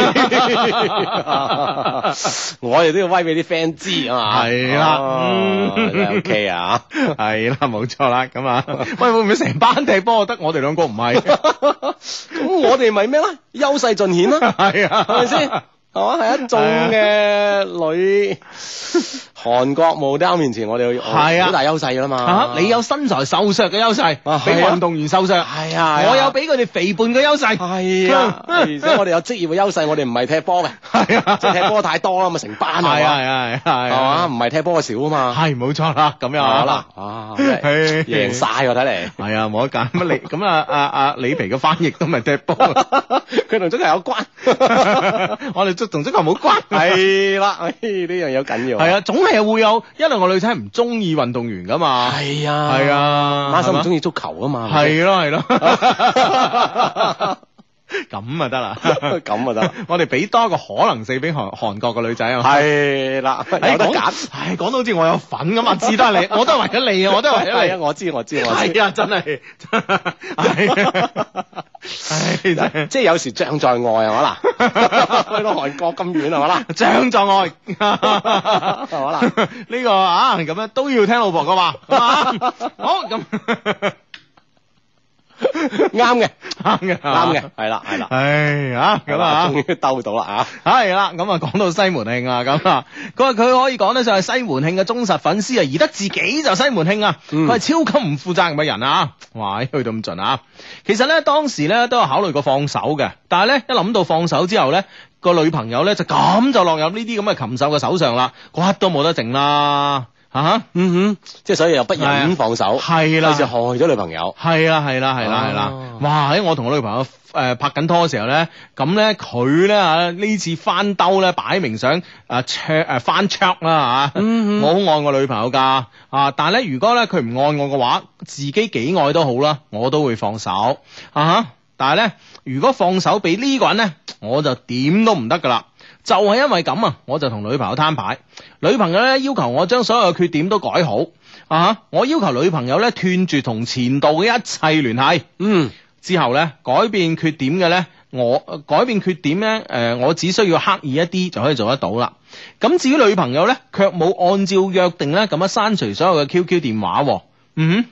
我哋都要威俾啲 fans 知啊嘛，係啦，OK 啊，係、啊、啦，冇錯啦，咁啊，喂，會唔會成班踢波，得 我哋兩個唔係？咁 我哋咪咩咧？優勢盡顯啦，係啊，係咪先？ 係嘛，係一眾嘅女，韓國模特面前我哋我哋好大優勢噶啦嘛。你有身材瘦削嘅優勢，比運動員瘦削。係啊，我有比佢哋肥胖嘅優勢。係啊，而且我哋有職業嘅優勢，我哋唔係踢波嘅。係啊，即係踢波太多啦，嘛成班係啊係啊係，係嘛，唔係踢波少啊嘛。係，冇錯啦，咁樣啊啦，啊，贏晒喎，睇嚟。係啊，冇得揀。咁你咁啊，阿阿李皮嘅翻譯都咪踢波，佢同足球有關。我哋足同足球冇關係啦， 呢樣嘢好緊要。係啊，總係會有，一兩個女仔唔中意運動員噶嘛。係啊的，係啊的，馬生唔中意足球啊嘛。係咯，係咯。 咁啊得啦，咁啊得啦，我哋俾多一個可能性俾韓韓國個女仔係啦，有得揀。唉，講到好似我有份咁啊，知得你，我都係為咗你啊，我都係為咗你。啊，我知我知我知。係啊，真係，係，即係有時將在外啊，好啦，去到韓國咁遠啊，好啦，將在外，係嘛啦？呢個啊咁樣都要聽老婆嘅話，好咁。啱嘅，啱嘅， 啱嘅，係啦，係啦，唉，吓咁啊，終於兜到啦啊，係啦，咁啊，講到西門慶啊，咁啊，佢話佢可以講得上係西門慶嘅忠實粉絲啊，而得自己就西門慶啊，佢係超級唔負責嘅人啊，嗯、哇，去到咁盡啊，其實咧當時咧都有考慮過放手嘅，但係咧一諗到放手之後咧，個女朋友咧就咁就落入呢啲咁嘅禽獸嘅手上啦，骨都冇得剩啦。啊哈，嗯哼、uh，huh. mm hmm. 即係所以又不忍放手，係啦、uh，huh. 就害咗女朋友，係啦係啦係啦係啦，哇！喺我同我女朋友誒、呃、拍緊拖嘅時候咧，咁咧佢咧呢，呢次翻兜咧，擺明想誒卓誒翻卓啦吓，uh huh. 我好愛我女朋友噶，啊！但係咧如果咧佢唔愛我嘅話，自己幾愛都好啦，我都會放手啊哈！Uh huh. 但係咧如果放手俾呢個人咧，我就點都唔得噶啦。就係因為咁啊，我就同女朋友攤牌，女朋友咧要求我將所有嘅缺點都改好啊！我要求女朋友咧斷絕同前度嘅一切聯繫，嗯，之後咧改變缺點嘅咧，我改變缺點咧，誒、呃，我只需要刻意一啲就可以做得到啦。咁、啊、至於女朋友咧，卻冇按照約定咧咁樣刪除所有嘅 QQ 電話，嗯，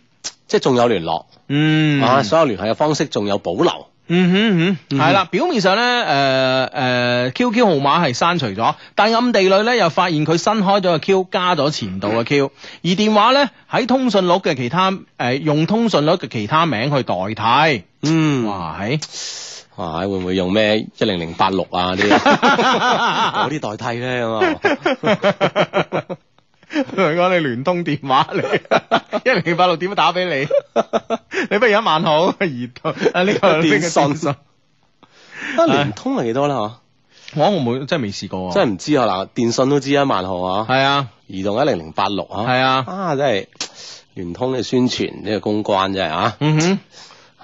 即係仲有聯絡，嗯，啊，嗯、所有聯繫嘅方式仲有保留。 嗯哼嗯哼，係啦， 表面上咧，誒、呃、誒、呃、，QQ 號碼係刪除咗，但暗地裏咧又發現佢新開咗個 Q，加咗前度嘅 Q，、嗯、而電話咧喺通訊錄嘅其他，誒、呃、用通訊錄嘅其他名去代替。嗯，哇係嘩，哇會唔會用咩一零零八六啊啲嗰啲代替咧咁啊？唔該，你聯通電話嚟，一零零八六點打俾你？ 你不如一萬號，移動啊呢、這個 電信啊，聯通係幾多啦？嗬、哎，我我冇真係未試過、啊、真係唔知啊嗱，電信都知一萬號啊，係啊，移動一零零八六啊。係啊，啊真係聯通嘅宣傳呢、這個公關真係啊，嗯哼。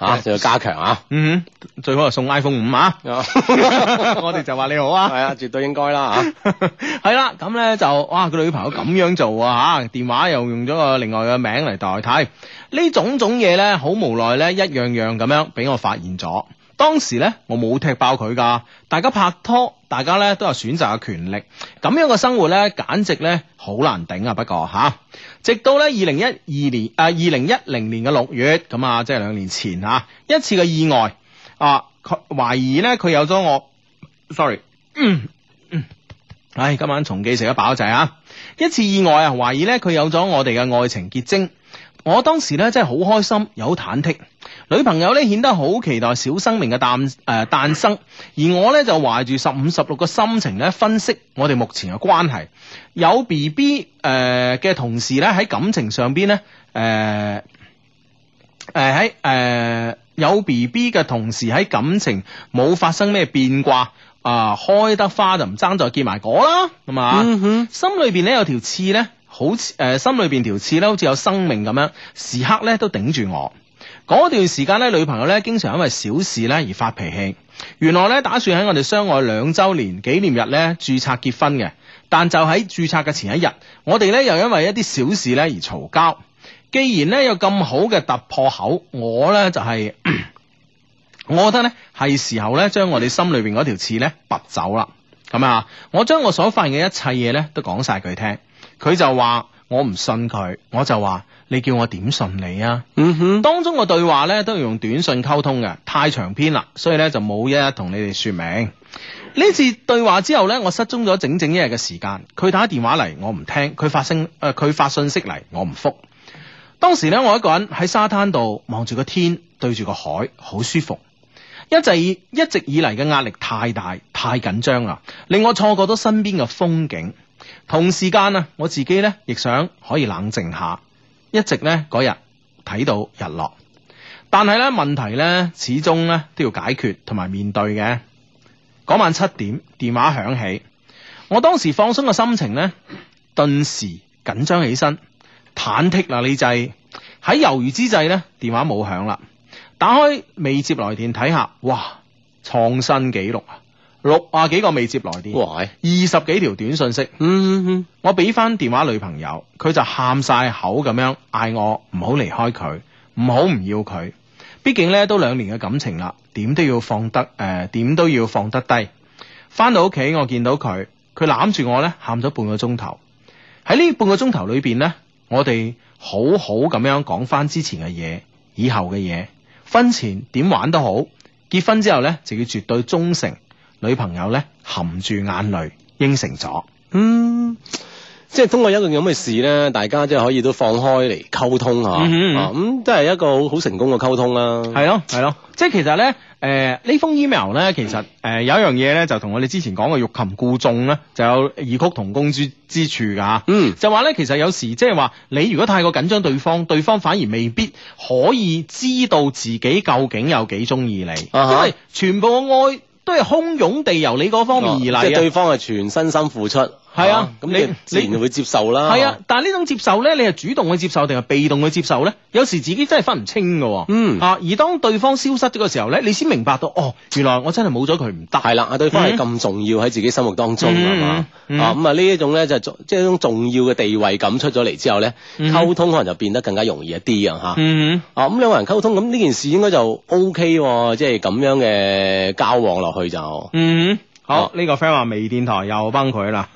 吓，就、啊、要加強啊！嗯哼，最好就送 iPhone 五啊！ 我哋就話你好啊，係 啊，絕對應該啦啊！係啦，咁 咧 就哇，佢女朋友咁樣做啊，電話又用咗個另外嘅名嚟代替，呢種種嘢咧，好無奈咧，一樣樣咁樣俾我發現咗。當時咧，我冇踢爆佢噶，大家拍拖。大家咧都有選擇嘅權力，咁樣嘅生活咧簡直咧好難頂啊！不過吓、啊，直到咧二零一二年，誒二零一零年嘅六月，咁啊，即係兩年前嚇、啊，一次嘅意外啊，佢懷疑咧佢有咗我，sorry，唉、嗯嗯哎，今晚重記食一飽仔嚇、啊，一次意外啊，懷疑咧佢有咗我哋嘅愛情結晶。我當時咧真係好開心，又好忐忑。女朋友咧顯得好期待小生命嘅誕誒誕生，而我咧就懷住十五十六個心情咧分析我哋目前嘅關係。有 B B 誒嘅同時咧喺感情上邊咧誒誒喺誒有 B B 嘅同時喺感情冇發生咩變卦啊、呃，開得花就唔爭再結埋果啦，係嘛？Mm hmm. 心裏邊咧有條刺咧。好似誒、呃，心裏邊條刺咧，好似有生命咁樣，時刻咧都頂住我。嗰段時間咧，女朋友咧經常因為小事咧而發脾氣。原來咧打算喺我哋相愛兩周年紀念日咧注冊結婚嘅，但就喺注冊嘅前一日，我哋咧又因為一啲小事咧而嘈交。既然咧有咁好嘅突破口，我咧就係、是， 我覺得咧係時候咧將我哋心裏邊嗰條刺咧拔走啦。咁啊，我將我所發現嘅一切嘢咧都講晒佢聽。佢就話我唔信佢，我就話你叫我點信你啊？嗯哼，當中嘅對話呢，都要用短信溝通嘅，太長篇啦，所以呢，就冇一日同你哋說明。呢次對話之後呢，我失蹤咗整，整整一日嘅時間。佢打電話嚟，我唔聽；佢發聲，誒、呃，佢發信息嚟，我唔覆。當時呢，我一個人喺沙灘度望住個天，對住個海，好舒服。一直一直以嚟嘅壓力太大，太緊張啦，令我錯過咗身邊嘅風景。同時間啊，我自己咧亦想可以冷靜下，一直咧嗰日睇到日落，但係咧問題咧始終咧都要解決同埋面對嘅。嗰晚七點電話響起，我當時放鬆嘅心情咧頓時緊張起身，忐忑啦呢滯喺猶豫之際咧電話冇響啦，打開未接來電睇下，哇創新紀錄啊！六啊幾個未接來電，喂二十幾條短信息。嗯、哼我俾翻電話女朋友，佢就喊晒口咁樣嗌我唔好離開佢，唔好唔要佢。畢竟咧都兩年嘅感情啦，點都要放得誒，點、呃、都要放得低。翻到屋企我見到佢，佢攬住我咧，喊咗半個鐘頭。喺呢半個鐘頭裏邊咧，我哋好好咁樣講翻之前嘅嘢，以後嘅嘢，婚前點玩都好，結婚之後咧就要絕對忠誠。女朋友咧含住眼淚應承咗，嗯，即係通過一個咁嘅事咧，大家即係可以都放開嚟溝通、嗯嗯啊嗯、通啊，咁都係一個好成功嘅溝通啦，係咯係咯，即係其實咧，誒、呃、呢封 email 咧，其實誒、呃嗯、有一樣嘢咧，就同我哋之前講嘅欲擒故縱咧，就有異曲同工之之處噶嗯，就話咧，其實有時即係話你如果太過緊張對方，對方反而未必可以知道自己究竟有幾中意你，uh、因為全部嘅愛。都係洶湧地由你嗰方面而來，即 係 對方係全身心付出。係啊，咁你自然就會接受啦。係 uno 啊，但係呢種接受咧，你係主動去接受定係被動去接受咧？有時自己真係分唔清噶。嗯。啊，而當對方消失咗嘅時候咧，你先明白到哦，原來我真係冇咗佢唔得。係啦，啊，對方係咁重要喺自己心目當中，㗎嘛。啊，咁啊呢一種咧就即係一種重要嘅地位感出咗嚟之後咧，溝通可能就變得更加容易一啲啊吓。啊，咁兩個人溝通，咁呢件事應該就 OK，即係咁樣嘅交往落去就。嗯。好，呢個 friend 話微電台又崩潰啦，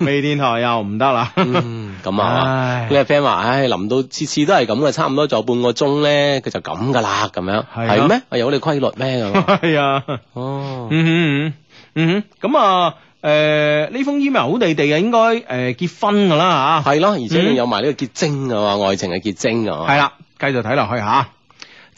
微電台又唔得啦，咁啊，呢個 friend 話，唉，臨到次次都係咁嘅，差唔多就半個鐘咧，佢就咁噶啦，咁樣係咩？有你規律咩？係啊，哦，嗯嗯嗯，咁啊，誒，呢封 email 好地地嘅，應該誒結婚噶啦吓，係咯，而且仲有埋呢個結晶㗎嘛，愛情嘅結晶嘅，係啦，繼續睇落去吓。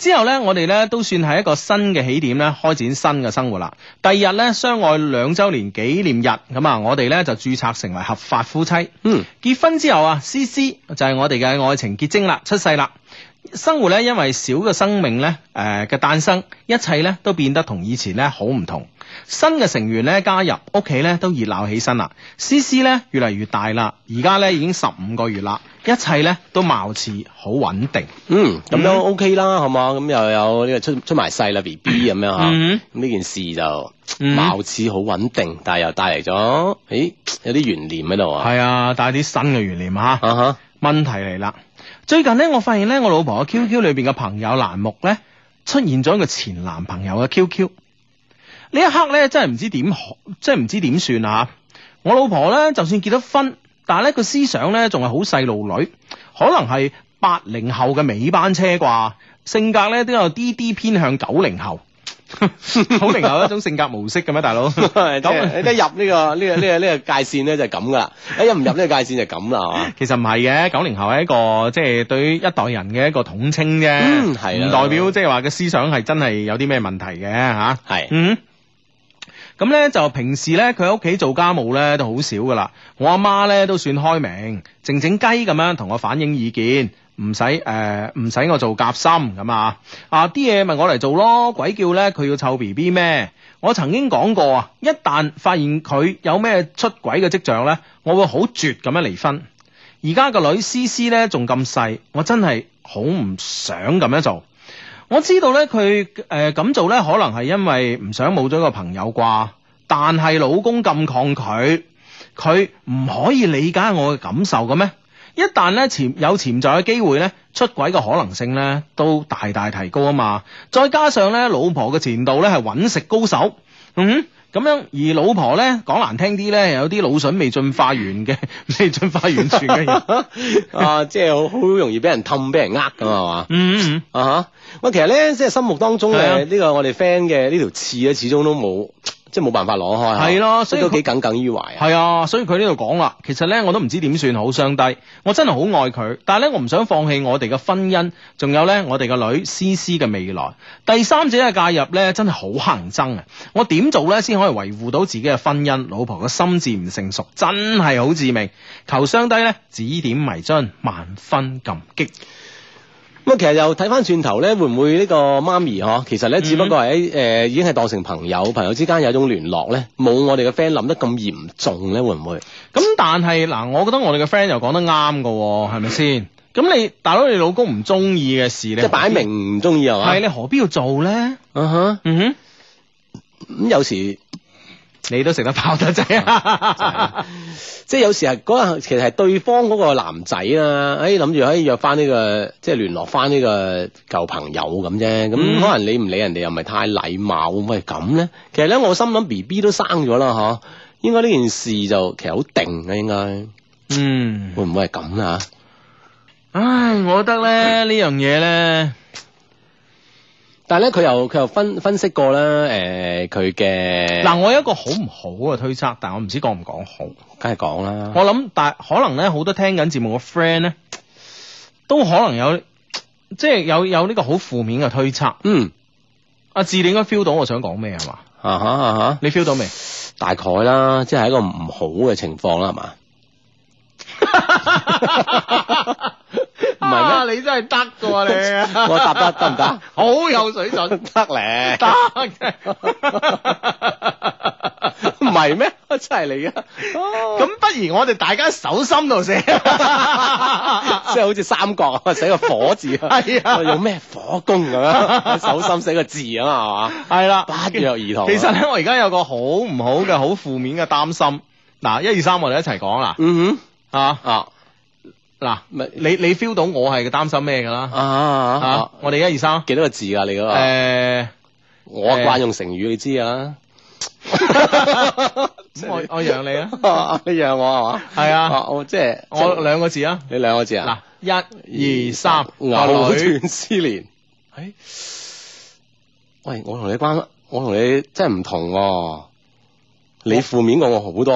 之後咧，我哋咧都算係一個新嘅起點咧，開展新嘅生活啦。第二日咧，相愛兩周年紀念日，咁啊，我哋咧就註冊成為合法夫妻。嗯，結婚之後啊，思思就係我哋嘅愛情結晶啦，出世啦。生活咧，因為少嘅生命咧，誒嘅誕生，一切咧都變得同以前咧好唔同。新嘅成員咧加入屋企咧都熱鬧起身啦。思思咧越嚟越大啦，而家咧已經十五個月啦，一切咧都貌似好穩定。嗯，咁都 O K 啦，好嘛？咁又有呢個出出埋世啦 B B 咁樣吓，咁呢件事就貌似好穩定，但係又帶嚟咗，誒有啲懸念喺度啊。係啊，帶啲新嘅懸念吓。啊哈，問題嚟啦。最近咧，我發現咧，我老婆嘅 QQ 裏邊嘅朋友欄目咧，出現咗個前男朋友嘅 QQ。呢一刻咧，真係唔知點，真係唔知點算啊！我老婆咧，就算結咗婚，但係咧個思想咧，仲係好細路女，可能係八零後嘅尾班車啩，性格咧都有啲啲偏向九零後。 好零後一種性格模式嘅咩，大佬咁 你一入呢、呢個呢、 呢個呢、呢個呢個界線咧就咁噶啦，一入唔入呢個界線就咁啦，係嘛？其實唔係嘅，九零後係一個即係、就是、對於一代人嘅一個統稱啫，唔、嗯、代表即係話嘅思想係真係有啲咩問題嘅吓，係、啊，的嗯，咁咧就平時咧佢喺屋企做家務咧都好少噶啦，我阿媽咧都算開明，靜靜雞咁樣同我反映意見。唔使誒，唔使、呃、我做夾心咁啊！啊啲嘢咪我嚟做咯，鬼叫咧佢要湊 BB 咩？我曾經講過啊，一旦發現佢有咩出軌嘅跡象咧，我會好絕咁樣離婚。而家個女思思咧仲咁細，我真係好唔想咁樣做。我知道咧佢誒咁做咧，可能係因為唔想冇咗個朋友啩。但係老公咁抗拒，佢唔可以理解我嘅感受嘅咩？一旦咧潛有潛在嘅機會咧，出軌嘅可能性咧都大大提高啊嘛！再加上咧老婆嘅前度咧係揾食高手，嗯哼，咁樣而老婆咧講難聽啲咧，有啲腦笋未進化完嘅，未進化完全嘅人 啊，即係好好容易俾人氹，俾人呃咁係嘛？嗯啊吓、嗯，我、uh huh. 其實咧即係心目當中嘅呢、啊、個我哋 friend 嘅呢條刺咧，始終都冇。即係冇辦法攞開係咯、啊，所以都幾耿耿於懷、啊。係啊，所以佢呢度講啦，其實呢我都唔知點算好傷低。我真係好愛佢，但係咧我唔想放棄我哋嘅婚姻，仲有呢我哋嘅女思思嘅未來。第三者嘅介入呢真係好乞人憎啊！我點做呢先可以維護到自己嘅婚姻？老婆嘅心智唔成熟真係好致命。求傷低呢，指點迷津，萬分感激。咁其實又睇翻轉頭咧，會唔會呢個媽咪嗬？其實咧，只不過係誒、呃，已經係當成朋友，朋友之間有一種聯絡咧，冇我哋嘅 friend 諗得咁嚴重咧，會唔會？咁、嗯、但係嗱，我覺得我哋嘅 friend 又講得啱㗎，係咪先？咁 你大佬，你老公唔中意嘅事咧，即係擺明唔中意啊嘛？係你何必要做咧？嗯哼，嗯哼，咁有時。你都食得飽得滯，即係有時係嗰個、嗯嗯，其實係對方嗰個男仔啊。誒諗住可以約翻呢個，即係聯絡翻呢個舊朋友咁啫。咁可能你唔理人哋又唔係太禮貌，會係咁咧？其實咧，我心諗 B B 都生咗啦，嗬，應該呢件事就其實好定啦，應該。嗯，會唔會係咁啊？唉，我覺得咧呢樣嘢咧。是但係咧，佢又佢又分分析過咧，誒佢嘅。嗱，我有一個好唔好嘅推測，但我唔知講唔講好，梗係講啦。我諗，但係可能咧，好多聽緊節目嘅 friend 咧，都可能有即係有有呢個好負面嘅推測。嗯，阿志你應該 feel 到我想講咩係嘛？啊哈啊哈！你 feel 到未？大概啦，即係一個唔好嘅情況啦，係嘛？ 唔係啊！你真係得嘅你、啊， 我答得得唔得？行行好有水準，得咧，得嘅。唔係咩？真係你啊！咁不如我哋大家手心度寫，即 係 好似三國啊，寫個火字，係 啊，用咩火攻咁啊？手心寫個字啊嘛，係嘛？係 啦，不約而同。其實咧，我而家有個好唔好嘅好負面嘅擔心。嗱，1, 2, 3, 一二三，我哋一齊講啦。嗯哼，啊啊。嗱，咪你你 feel 到我係擔心咩噶啦？啊，我哋一二三，幾多個字噶你個？誒，我慣用成語，你知噶啦。我我讓你啊，你讓我係嘛？係啊，我即係我兩個字啊。你兩個字啊？嗱，一二三，藕斷絲連。誒，喂，我同你關，我同你真係唔同喎。你負面過我好多，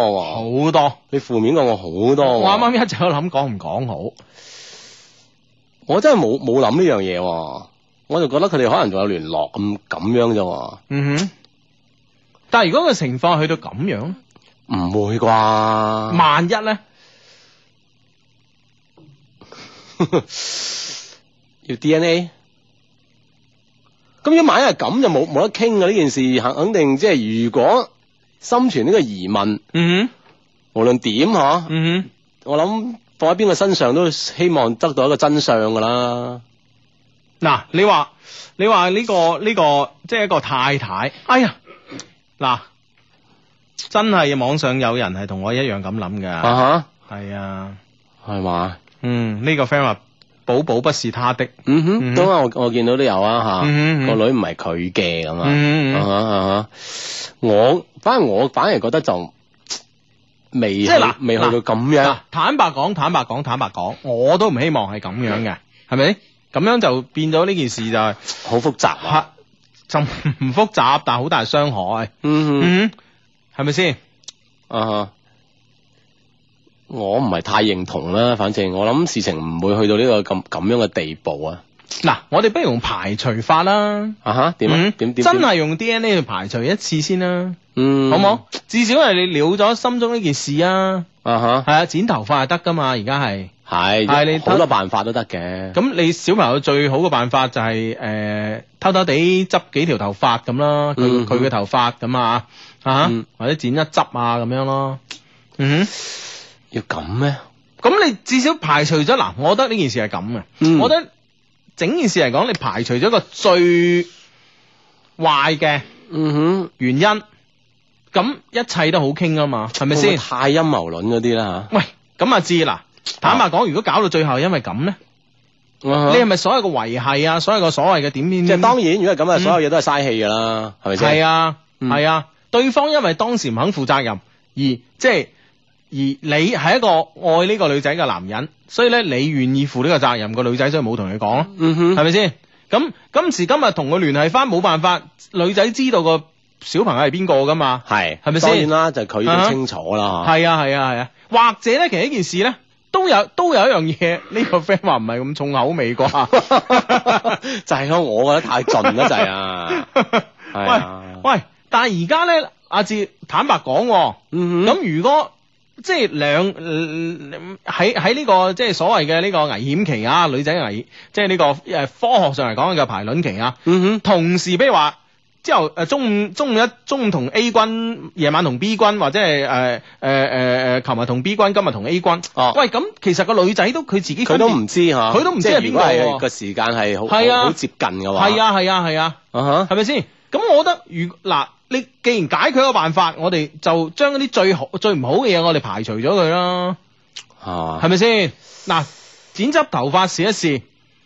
好多。你負面過我好多。我啱啱一直都諗講唔講好，我真係冇冇諗呢樣嘢，我就覺得佢哋可能仲有聯絡咁咁樣啫、啊。嗯哼。但係如果個情況去到咁樣，唔會啩？萬一咧？要 Your DNA？咁、嗯、如果萬一係咁，就冇冇得傾噶呢件事，肯肯定即係如果。心存呢個疑問，mm hmm。無論點嗬，mm hmm。我諗放喺邊個身上都希望得到一個真相噶啦。嗱，你話你話呢個呢個即係一個太太，哎呀，嗱，真係網上有人係同我一樣咁諗噶，係、uh huh. 啊，係嘛，嗯，呢個 friend 話。寶寶不是他的，嗯哼，咁啊、嗯，我我見到都有啊，吓，個女唔係佢嘅咁啊，我，反正我反而覺得就未，即係嗱，未去到咁樣，坦白講，坦白講，坦白講，我都唔希望係咁樣嘅，係咪的？咁樣就變咗呢件事就係好複雜，就唔複雜，但係好大傷害，嗯哼，係咪先？啊、嗯哼。嗯我唔係太認同啦，反正我諗事情唔會去到呢個咁咁樣嘅地步啊。嗱，我哋不如用排除法啦。啊哈，點啊？點點？真係用 DNA 去排除一次先啦。嗯，好唔好？至少係你撩咗心中呢件事啊。啊哈，係啊，剪頭髮係得噶嘛？而家係係係你好多辦法都得嘅。咁你小朋友最好嘅辦法就係誒偷偷地執幾條頭髮咁啦，佢佢嘅頭髮咁啊啊，或者剪一執啊咁樣咯。嗯哼。要咁咩？咁你至少排除咗。嗱，我覺得呢件事係咁嘅。我覺得整件事嚟講，你排除咗個最壞嘅嗯哼原因，咁一切都好傾啊嘛，係咪先？太陰謀論嗰啲啦吓。喂，咁阿知嗱，坦白講，如果搞到最後因為咁咧，你係咪所有個維繫啊，所有個所謂嘅點點？即係當然，如果係咁啊，所有嘢都係嘥氣噶啦，係咪先？係啊，係啊，對方因為當時唔肯負責任，而即係。而你係一個愛呢個女仔嘅男人，所以咧你願意負呢個責任，個女仔所以冇同你講，嗯哼，係咪先？咁今時今日同佢聯繫翻冇辦法，女仔知道個小朋友係邊個噶嘛？係，係咪先？啦，就佢就清楚啦，嚇。係啊，係啊，係啊，或者咧，其實呢件事咧，都有都有一樣嘢，呢個 friend 話唔係咁重口味啩，就係我覺得太盡喇，就係啊。喂喂，但係而家咧，阿志坦白講，咁如果。即係兩喺喺呢個即係所謂嘅呢個危險期啊，女仔危，即係呢、這個誒科學上嚟講嘅排卵期啊。嗯哼，同時比如話之後誒中午中午一中午同 A 君，夜晚同 B 君，或者係誒誒誒誒，琴日同 B 君，今日同 A 君。哦，喂，咁其實個女仔都佢自己佢都唔知嗬，佢、啊、都唔知係邊個、啊。個時間係、啊、好係啊，好接近嘅話。係啊係啊係啊，啊係咪先？咁、啊啊啊、我覺得如嗱。你既然解決一個辦法，我哋就將啲最好、最唔好嘅嘢我哋排除咗佢咯，係咪先？嗱，剪執頭髮試一試，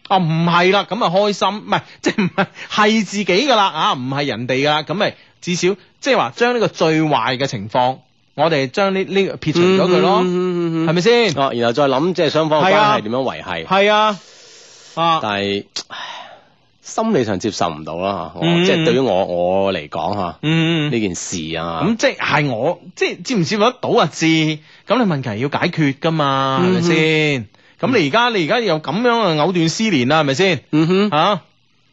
哦、啊，唔係啦，咁啊開心，唔係即係唔係係自己噶啦，啊，唔係人哋噶啦，咁咪至少即係話將呢個最壞嘅情況，我哋將呢呢撇除咗佢咯，係咪先？然後再諗即係雙方嘅關係點樣維繫，係啊，但係。心理上接受唔到啦嚇，即係對於我我嚟講嚇，呢、嗯、件事啊，咁、嗯嗯、即係我即係接唔接得到啊知，咁你問題要解決㗎嘛，係咪先？咁你而家你而家又咁樣啊藕斷絲連啦，係咪先？嗯哼嚇，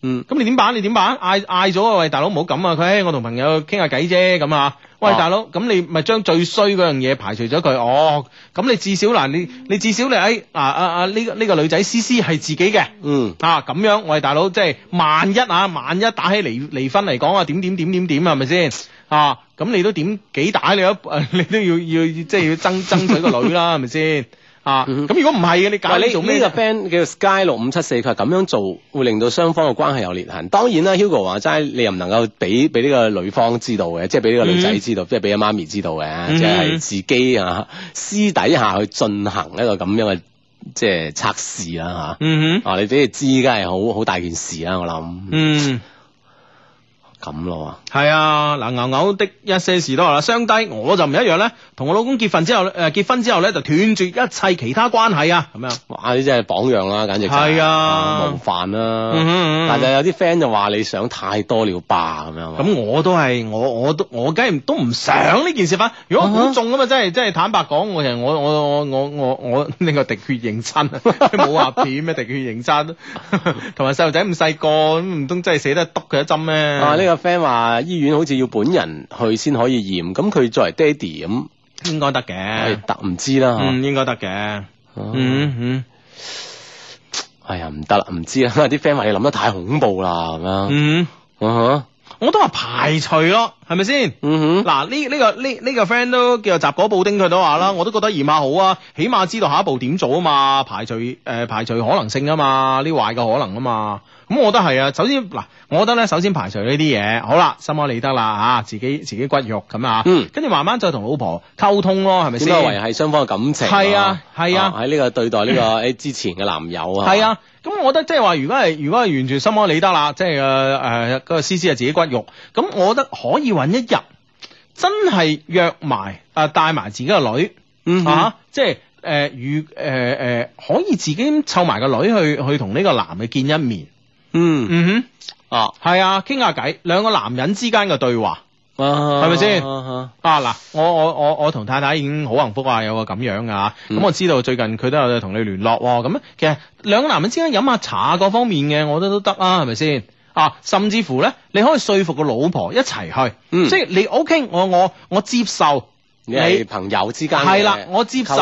嗯，咁你點、嗯嗯啊、辦？你點辦？嗌嗌咗啊喂，大佬唔好咁啊，佢、欸、我同朋友傾下偈啫，咁啊。喂，大佬，咁你咪將最衰嗰樣嘢排除咗佢。哦，咁你至少嗱，你你至少你喺、哎、啊啊啊呢呢、這個這個女仔思思係自己嘅，嗯，啊咁樣，喂，大佬，即係萬一啊，萬一打起離離婚嚟講啊，點點點點點係咪先啊？咁你都點幾打你都、啊，你都要要，要即係要 爭爭取個女啦，係咪先？啊，咁、嗯、哼如果唔係嘅，你搞做你做咩啊？呢、呢個 band 叫 Sky 六五七四，佢咁樣做會令到雙方嘅關係有裂痕。當然啦，Hugo 話齋，你又唔能夠俾俾呢個女方知道嘅，即係俾呢個女仔知道，嗯、哼即係俾阿媽咪知道嘅，即係、嗯、哼自己啊私底下去進行一個咁樣嘅即係測試啦嚇。啊、嗯哼，啊，你俾佢知，梗係好好大件事啦，我諗。嗯。咁咯，係啊嗱，牛牛的一些事都話啦，相、啊、低我就唔一樣咧。同我老公結婚之後，誒結婚之後咧就斷絕一切其他關係啊。咁樣哇，你真係榜樣啦，簡直係、就是、啊，模範啦。但係有啲 friend 就話你想太多了吧咁樣。咁、嗯、我都係，我我，我都我梗係都唔想呢件事翻。如果估中啊嘛，啊真係真係坦白講，我其實我我我我我我呢個滴血認親，冇話片咩滴血認親。同埋細路仔咁細個，唔通真係捨得篤佢一針咩？friend 話醫院好似要本人去先可以驗，咁佢作為爹哋咁，應該得嘅，得、啊，唔知啦，應該得嘅，嗯嗯，哎呀唔得啦，唔知啦，啲 friend 話你諗得太恐怖啦咁樣，嗯，啊、我都話排除咯。係咪先？嗱，呢呢、mm hmm. 這個呢呢、這個 friend、這個、都叫做雜果布丁，佢都話啦，hmm. 我都覺得驗下好啊，起碼知道下一步點做啊嘛，排除誒、呃、排除可能性啊嘛，呢壞嘅可能啊嘛。咁、嗯、我覺得係啊。首先嗱，我覺得咧，首先排除呢啲嘢，好啦，心安理得啦吓、啊，自己自己骨肉咁啊。跟住，mm hmm. 慢慢再同老婆溝通咯，係咪先？點解維繫雙方嘅感情？係啊，係啊，喺呢個對待呢個誒之前嘅男友啊。係 啊，咁我覺得即係話，如果係如果係完全心安理得啦，即係誒誒個思思係自己骨肉，咁我覺得可以。搵一日真係約埋、嗯、哼啊，帶埋自己個女，吓、呃，即係誒與誒誒，可以自己湊埋個女去去同呢個男嘅見一面，嗯嗯哼，啊係啊，傾下偈，兩個男人之間嘅對話，係咪先？啊嗱、啊啊，我我我我同太太已經好幸福啊，有個咁樣噶，咁、嗯啊嗯、我知道最近佢都有同你聯絡喎、啊，咁其實兩個男人之間飲下茶各方面嘅，我覺得都得啦，係咪先？啊，甚至乎咧，你可以說服個老婆一齊去，嗯，即係你 OK，我我我接受你朋友之間係啦，我接受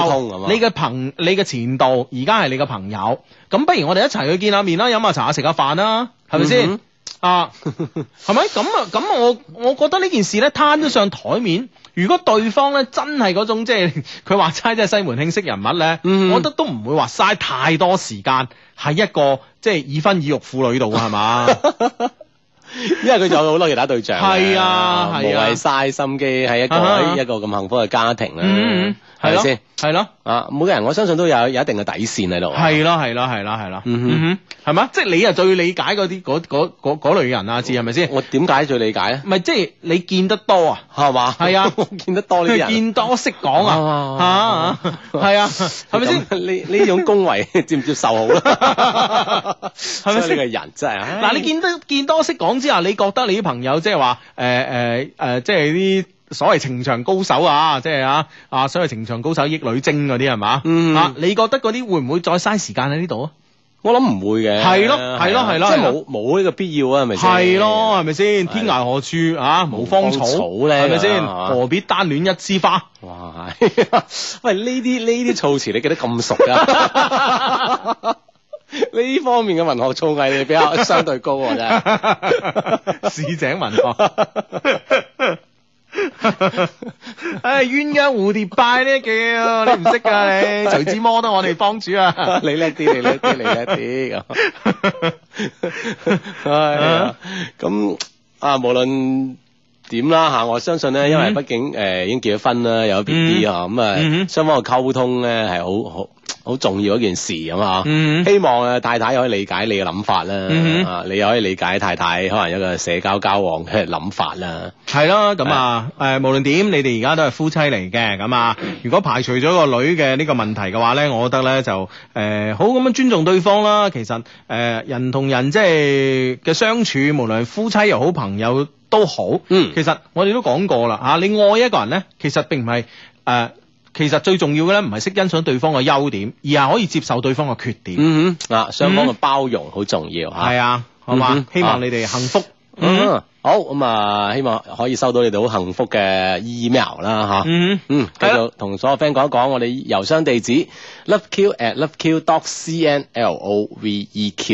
你嘅朋你嘅前度，而家係你嘅朋友，咁不如我哋一齊去見下面啦，飲下茶，食下飯啦，係咪先？嗯啊，係咪咁啊？咁我我覺得呢件事咧攤咗上台面如果對方咧真係嗰種，即係佢話齋，即係西門慶式人物咧，嗯、我覺得都唔會話嘥太多時間喺一個即係已婚已育婦女度噶係嘛？ 因為佢仲有好多其他對象，係 啊，冇謂嘥心機喺一個喺 一個咁幸福嘅家庭咧。嗯係咪先？係咯，啊，每個人我相信都有有一定嘅底綫喺度。係咯，係咯，係咯，係咯。嗯哼，係嘛？即係你又最理解嗰啲嗰嗰類人啊？知係咪先？我點解最理解咧？唔係，即係你見得多啊，係嘛？係啊，見得多呢啲人，見多識講啊，係啊，係咪先？你呢種恭維接唔接受好啦？係咪？呢個人真係。嗱，你見多見多識講之下，你覺得你啲朋友即係話誒誒誒，即係啲。所謂情場高手啊，即係啊，啊所謂情場高手、益女精嗰啲係嘛？嗯，你覺得嗰啲會唔會再嘥時間喺呢度啊？我諗唔會嘅，係咯，係咯，係咯，即係冇冇呢個必要啊？係咪先？係咯，係咪先？天涯何處啊？無芳草，草咧係咪先？何必單戀一枝花？哇！喂，呢啲呢啲措辭你記得咁熟噶？呢方面嘅文學造詣你比較相對高嘅啫，市井文學。唉，鴛鴦蝴蝶拜呢，叫你唔識噶你，徐志摩都我哋幫主啊！你叻啲，你叻啲，你叻啲咁。係啊，咁啊，無論點啦吓，我相信咧，因為畢竟誒、呃、已經結咗婚啦，有咗 B B 啊，咁、嗯、啊，雙方嘅溝通咧係好好。嗯 好重要一件事咁啊，嗯嗯希望啊太太可以理解你嘅諗法啦，啊、嗯嗯，你又可以理解太太可能有個社交交往嘅諗法啦。係啦，咁啊，誒、嗯，無論點，你哋而家都係夫妻嚟嘅，咁啊，如果排除咗個女嘅呢個問題嘅話呢，我覺得呢就誒好咁樣尊重對方啦。其實誒、呃、人同人即係嘅相處，無論夫妻又好，朋友都好，嗯，其實我哋都講過啦，吓、啊、你愛一個人呢，其實並唔係誒。呃其實最重要嘅咧，唔係識欣賞對方嘅優點，而係可以接受對方嘅缺點。嗯哼、嗯，嗯雙啊，雙方嘅包容好重要吓。係啊，係嘛，希望你哋幸福。嗯，嗯，嗯好，咁啊，希望可以收到你哋好幸福嘅 email 啦吓。嗯嗯，繼、嗯、吧續同所有 friend 講一講我哋郵箱地址 loveq@loveq.cnloveq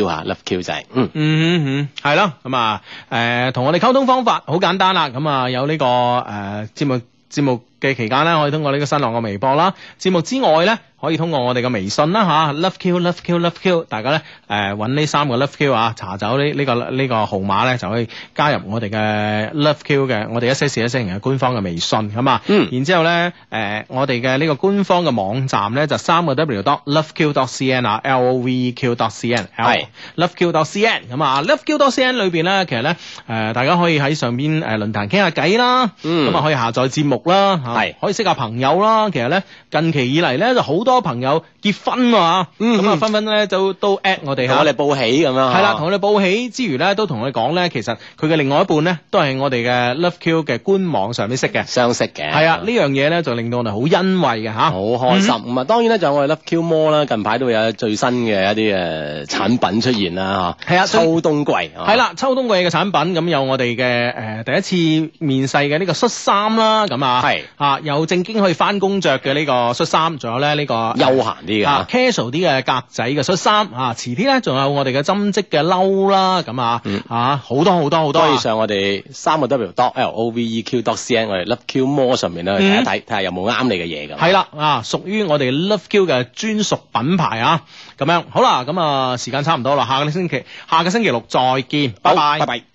吓，loveq 就係。E q, 啊、嗯，嗯嗯嗯，係咯，咁啊，誒，同、呃、我哋溝通方法好簡單啦，咁啊，這個，有呢個誒節目節目。嘅期間咧，可以通過呢個新浪嘅微博啦。節目之外咧。可以通過我哋嘅微信啦吓、啊、l o v e Q Love Q Love Q，大家咧誒揾呢、呃、三個 Love Q 啊，查找呢呢個呢、這個號碼咧，就可以加入我哋嘅 Love Q 嘅，我哋一些事一些情嘅官方嘅微信咁啊。嗯。然之後咧誒我哋嘅呢個官方嘅網站咧就三個 w dot love q dot cn 啊，L O V E Q dot c n。係 Love Q dot c n 咁啊，Love Q dot c n 裏邊咧，其實咧誒、呃、大家可以喺上邊誒論壇傾下偈啦。呃聊聊啊、嗯。咁啊，可以下載節目啦。係、啊、是可以識下朋友啦、啊。其實咧，近期以嚟咧就好多。多朋友結婚嘛，咁啊，紛紛咧就都 at 我哋，同我哋報喜咁樣嚇。係啦，同我哋報喜之餘咧，都同佢講咧，其實佢嘅另外一半咧，都係我哋嘅 Love Q 嘅官網上面識嘅，相識嘅。係啊，呢樣嘢咧就令到我哋好欣慰嘅嚇，好開心。咁啊，當然咧就我哋 Love Q More 啦，近排都有最新嘅一啲誒產品出現啦嚇，秋冬季係啦，秋冬季嘅產品咁，有我哋嘅誒第一次面世嘅呢個恤衫啦，咁啊係啊，有正經可以翻工着嘅呢個恤衫，仲有咧呢個。啊，悠閒啲嘅，casual 啲嘅格仔嘅，恤衫啊，遲啲咧仲有我哋嘅針織嘅褸啦，咁啊，啊好多好多好多，可以上我哋三個 w dot l o v e q dot c n 我哋 love q more 上面咧睇一睇，睇下有冇啱你嘅嘢咁。係啦，啊，啊屬於我哋 love q 嘅專屬品牌啊，咁樣好啦，咁啊時間差唔多啦，下個星期下個星期六再見，好拜拜。拜拜。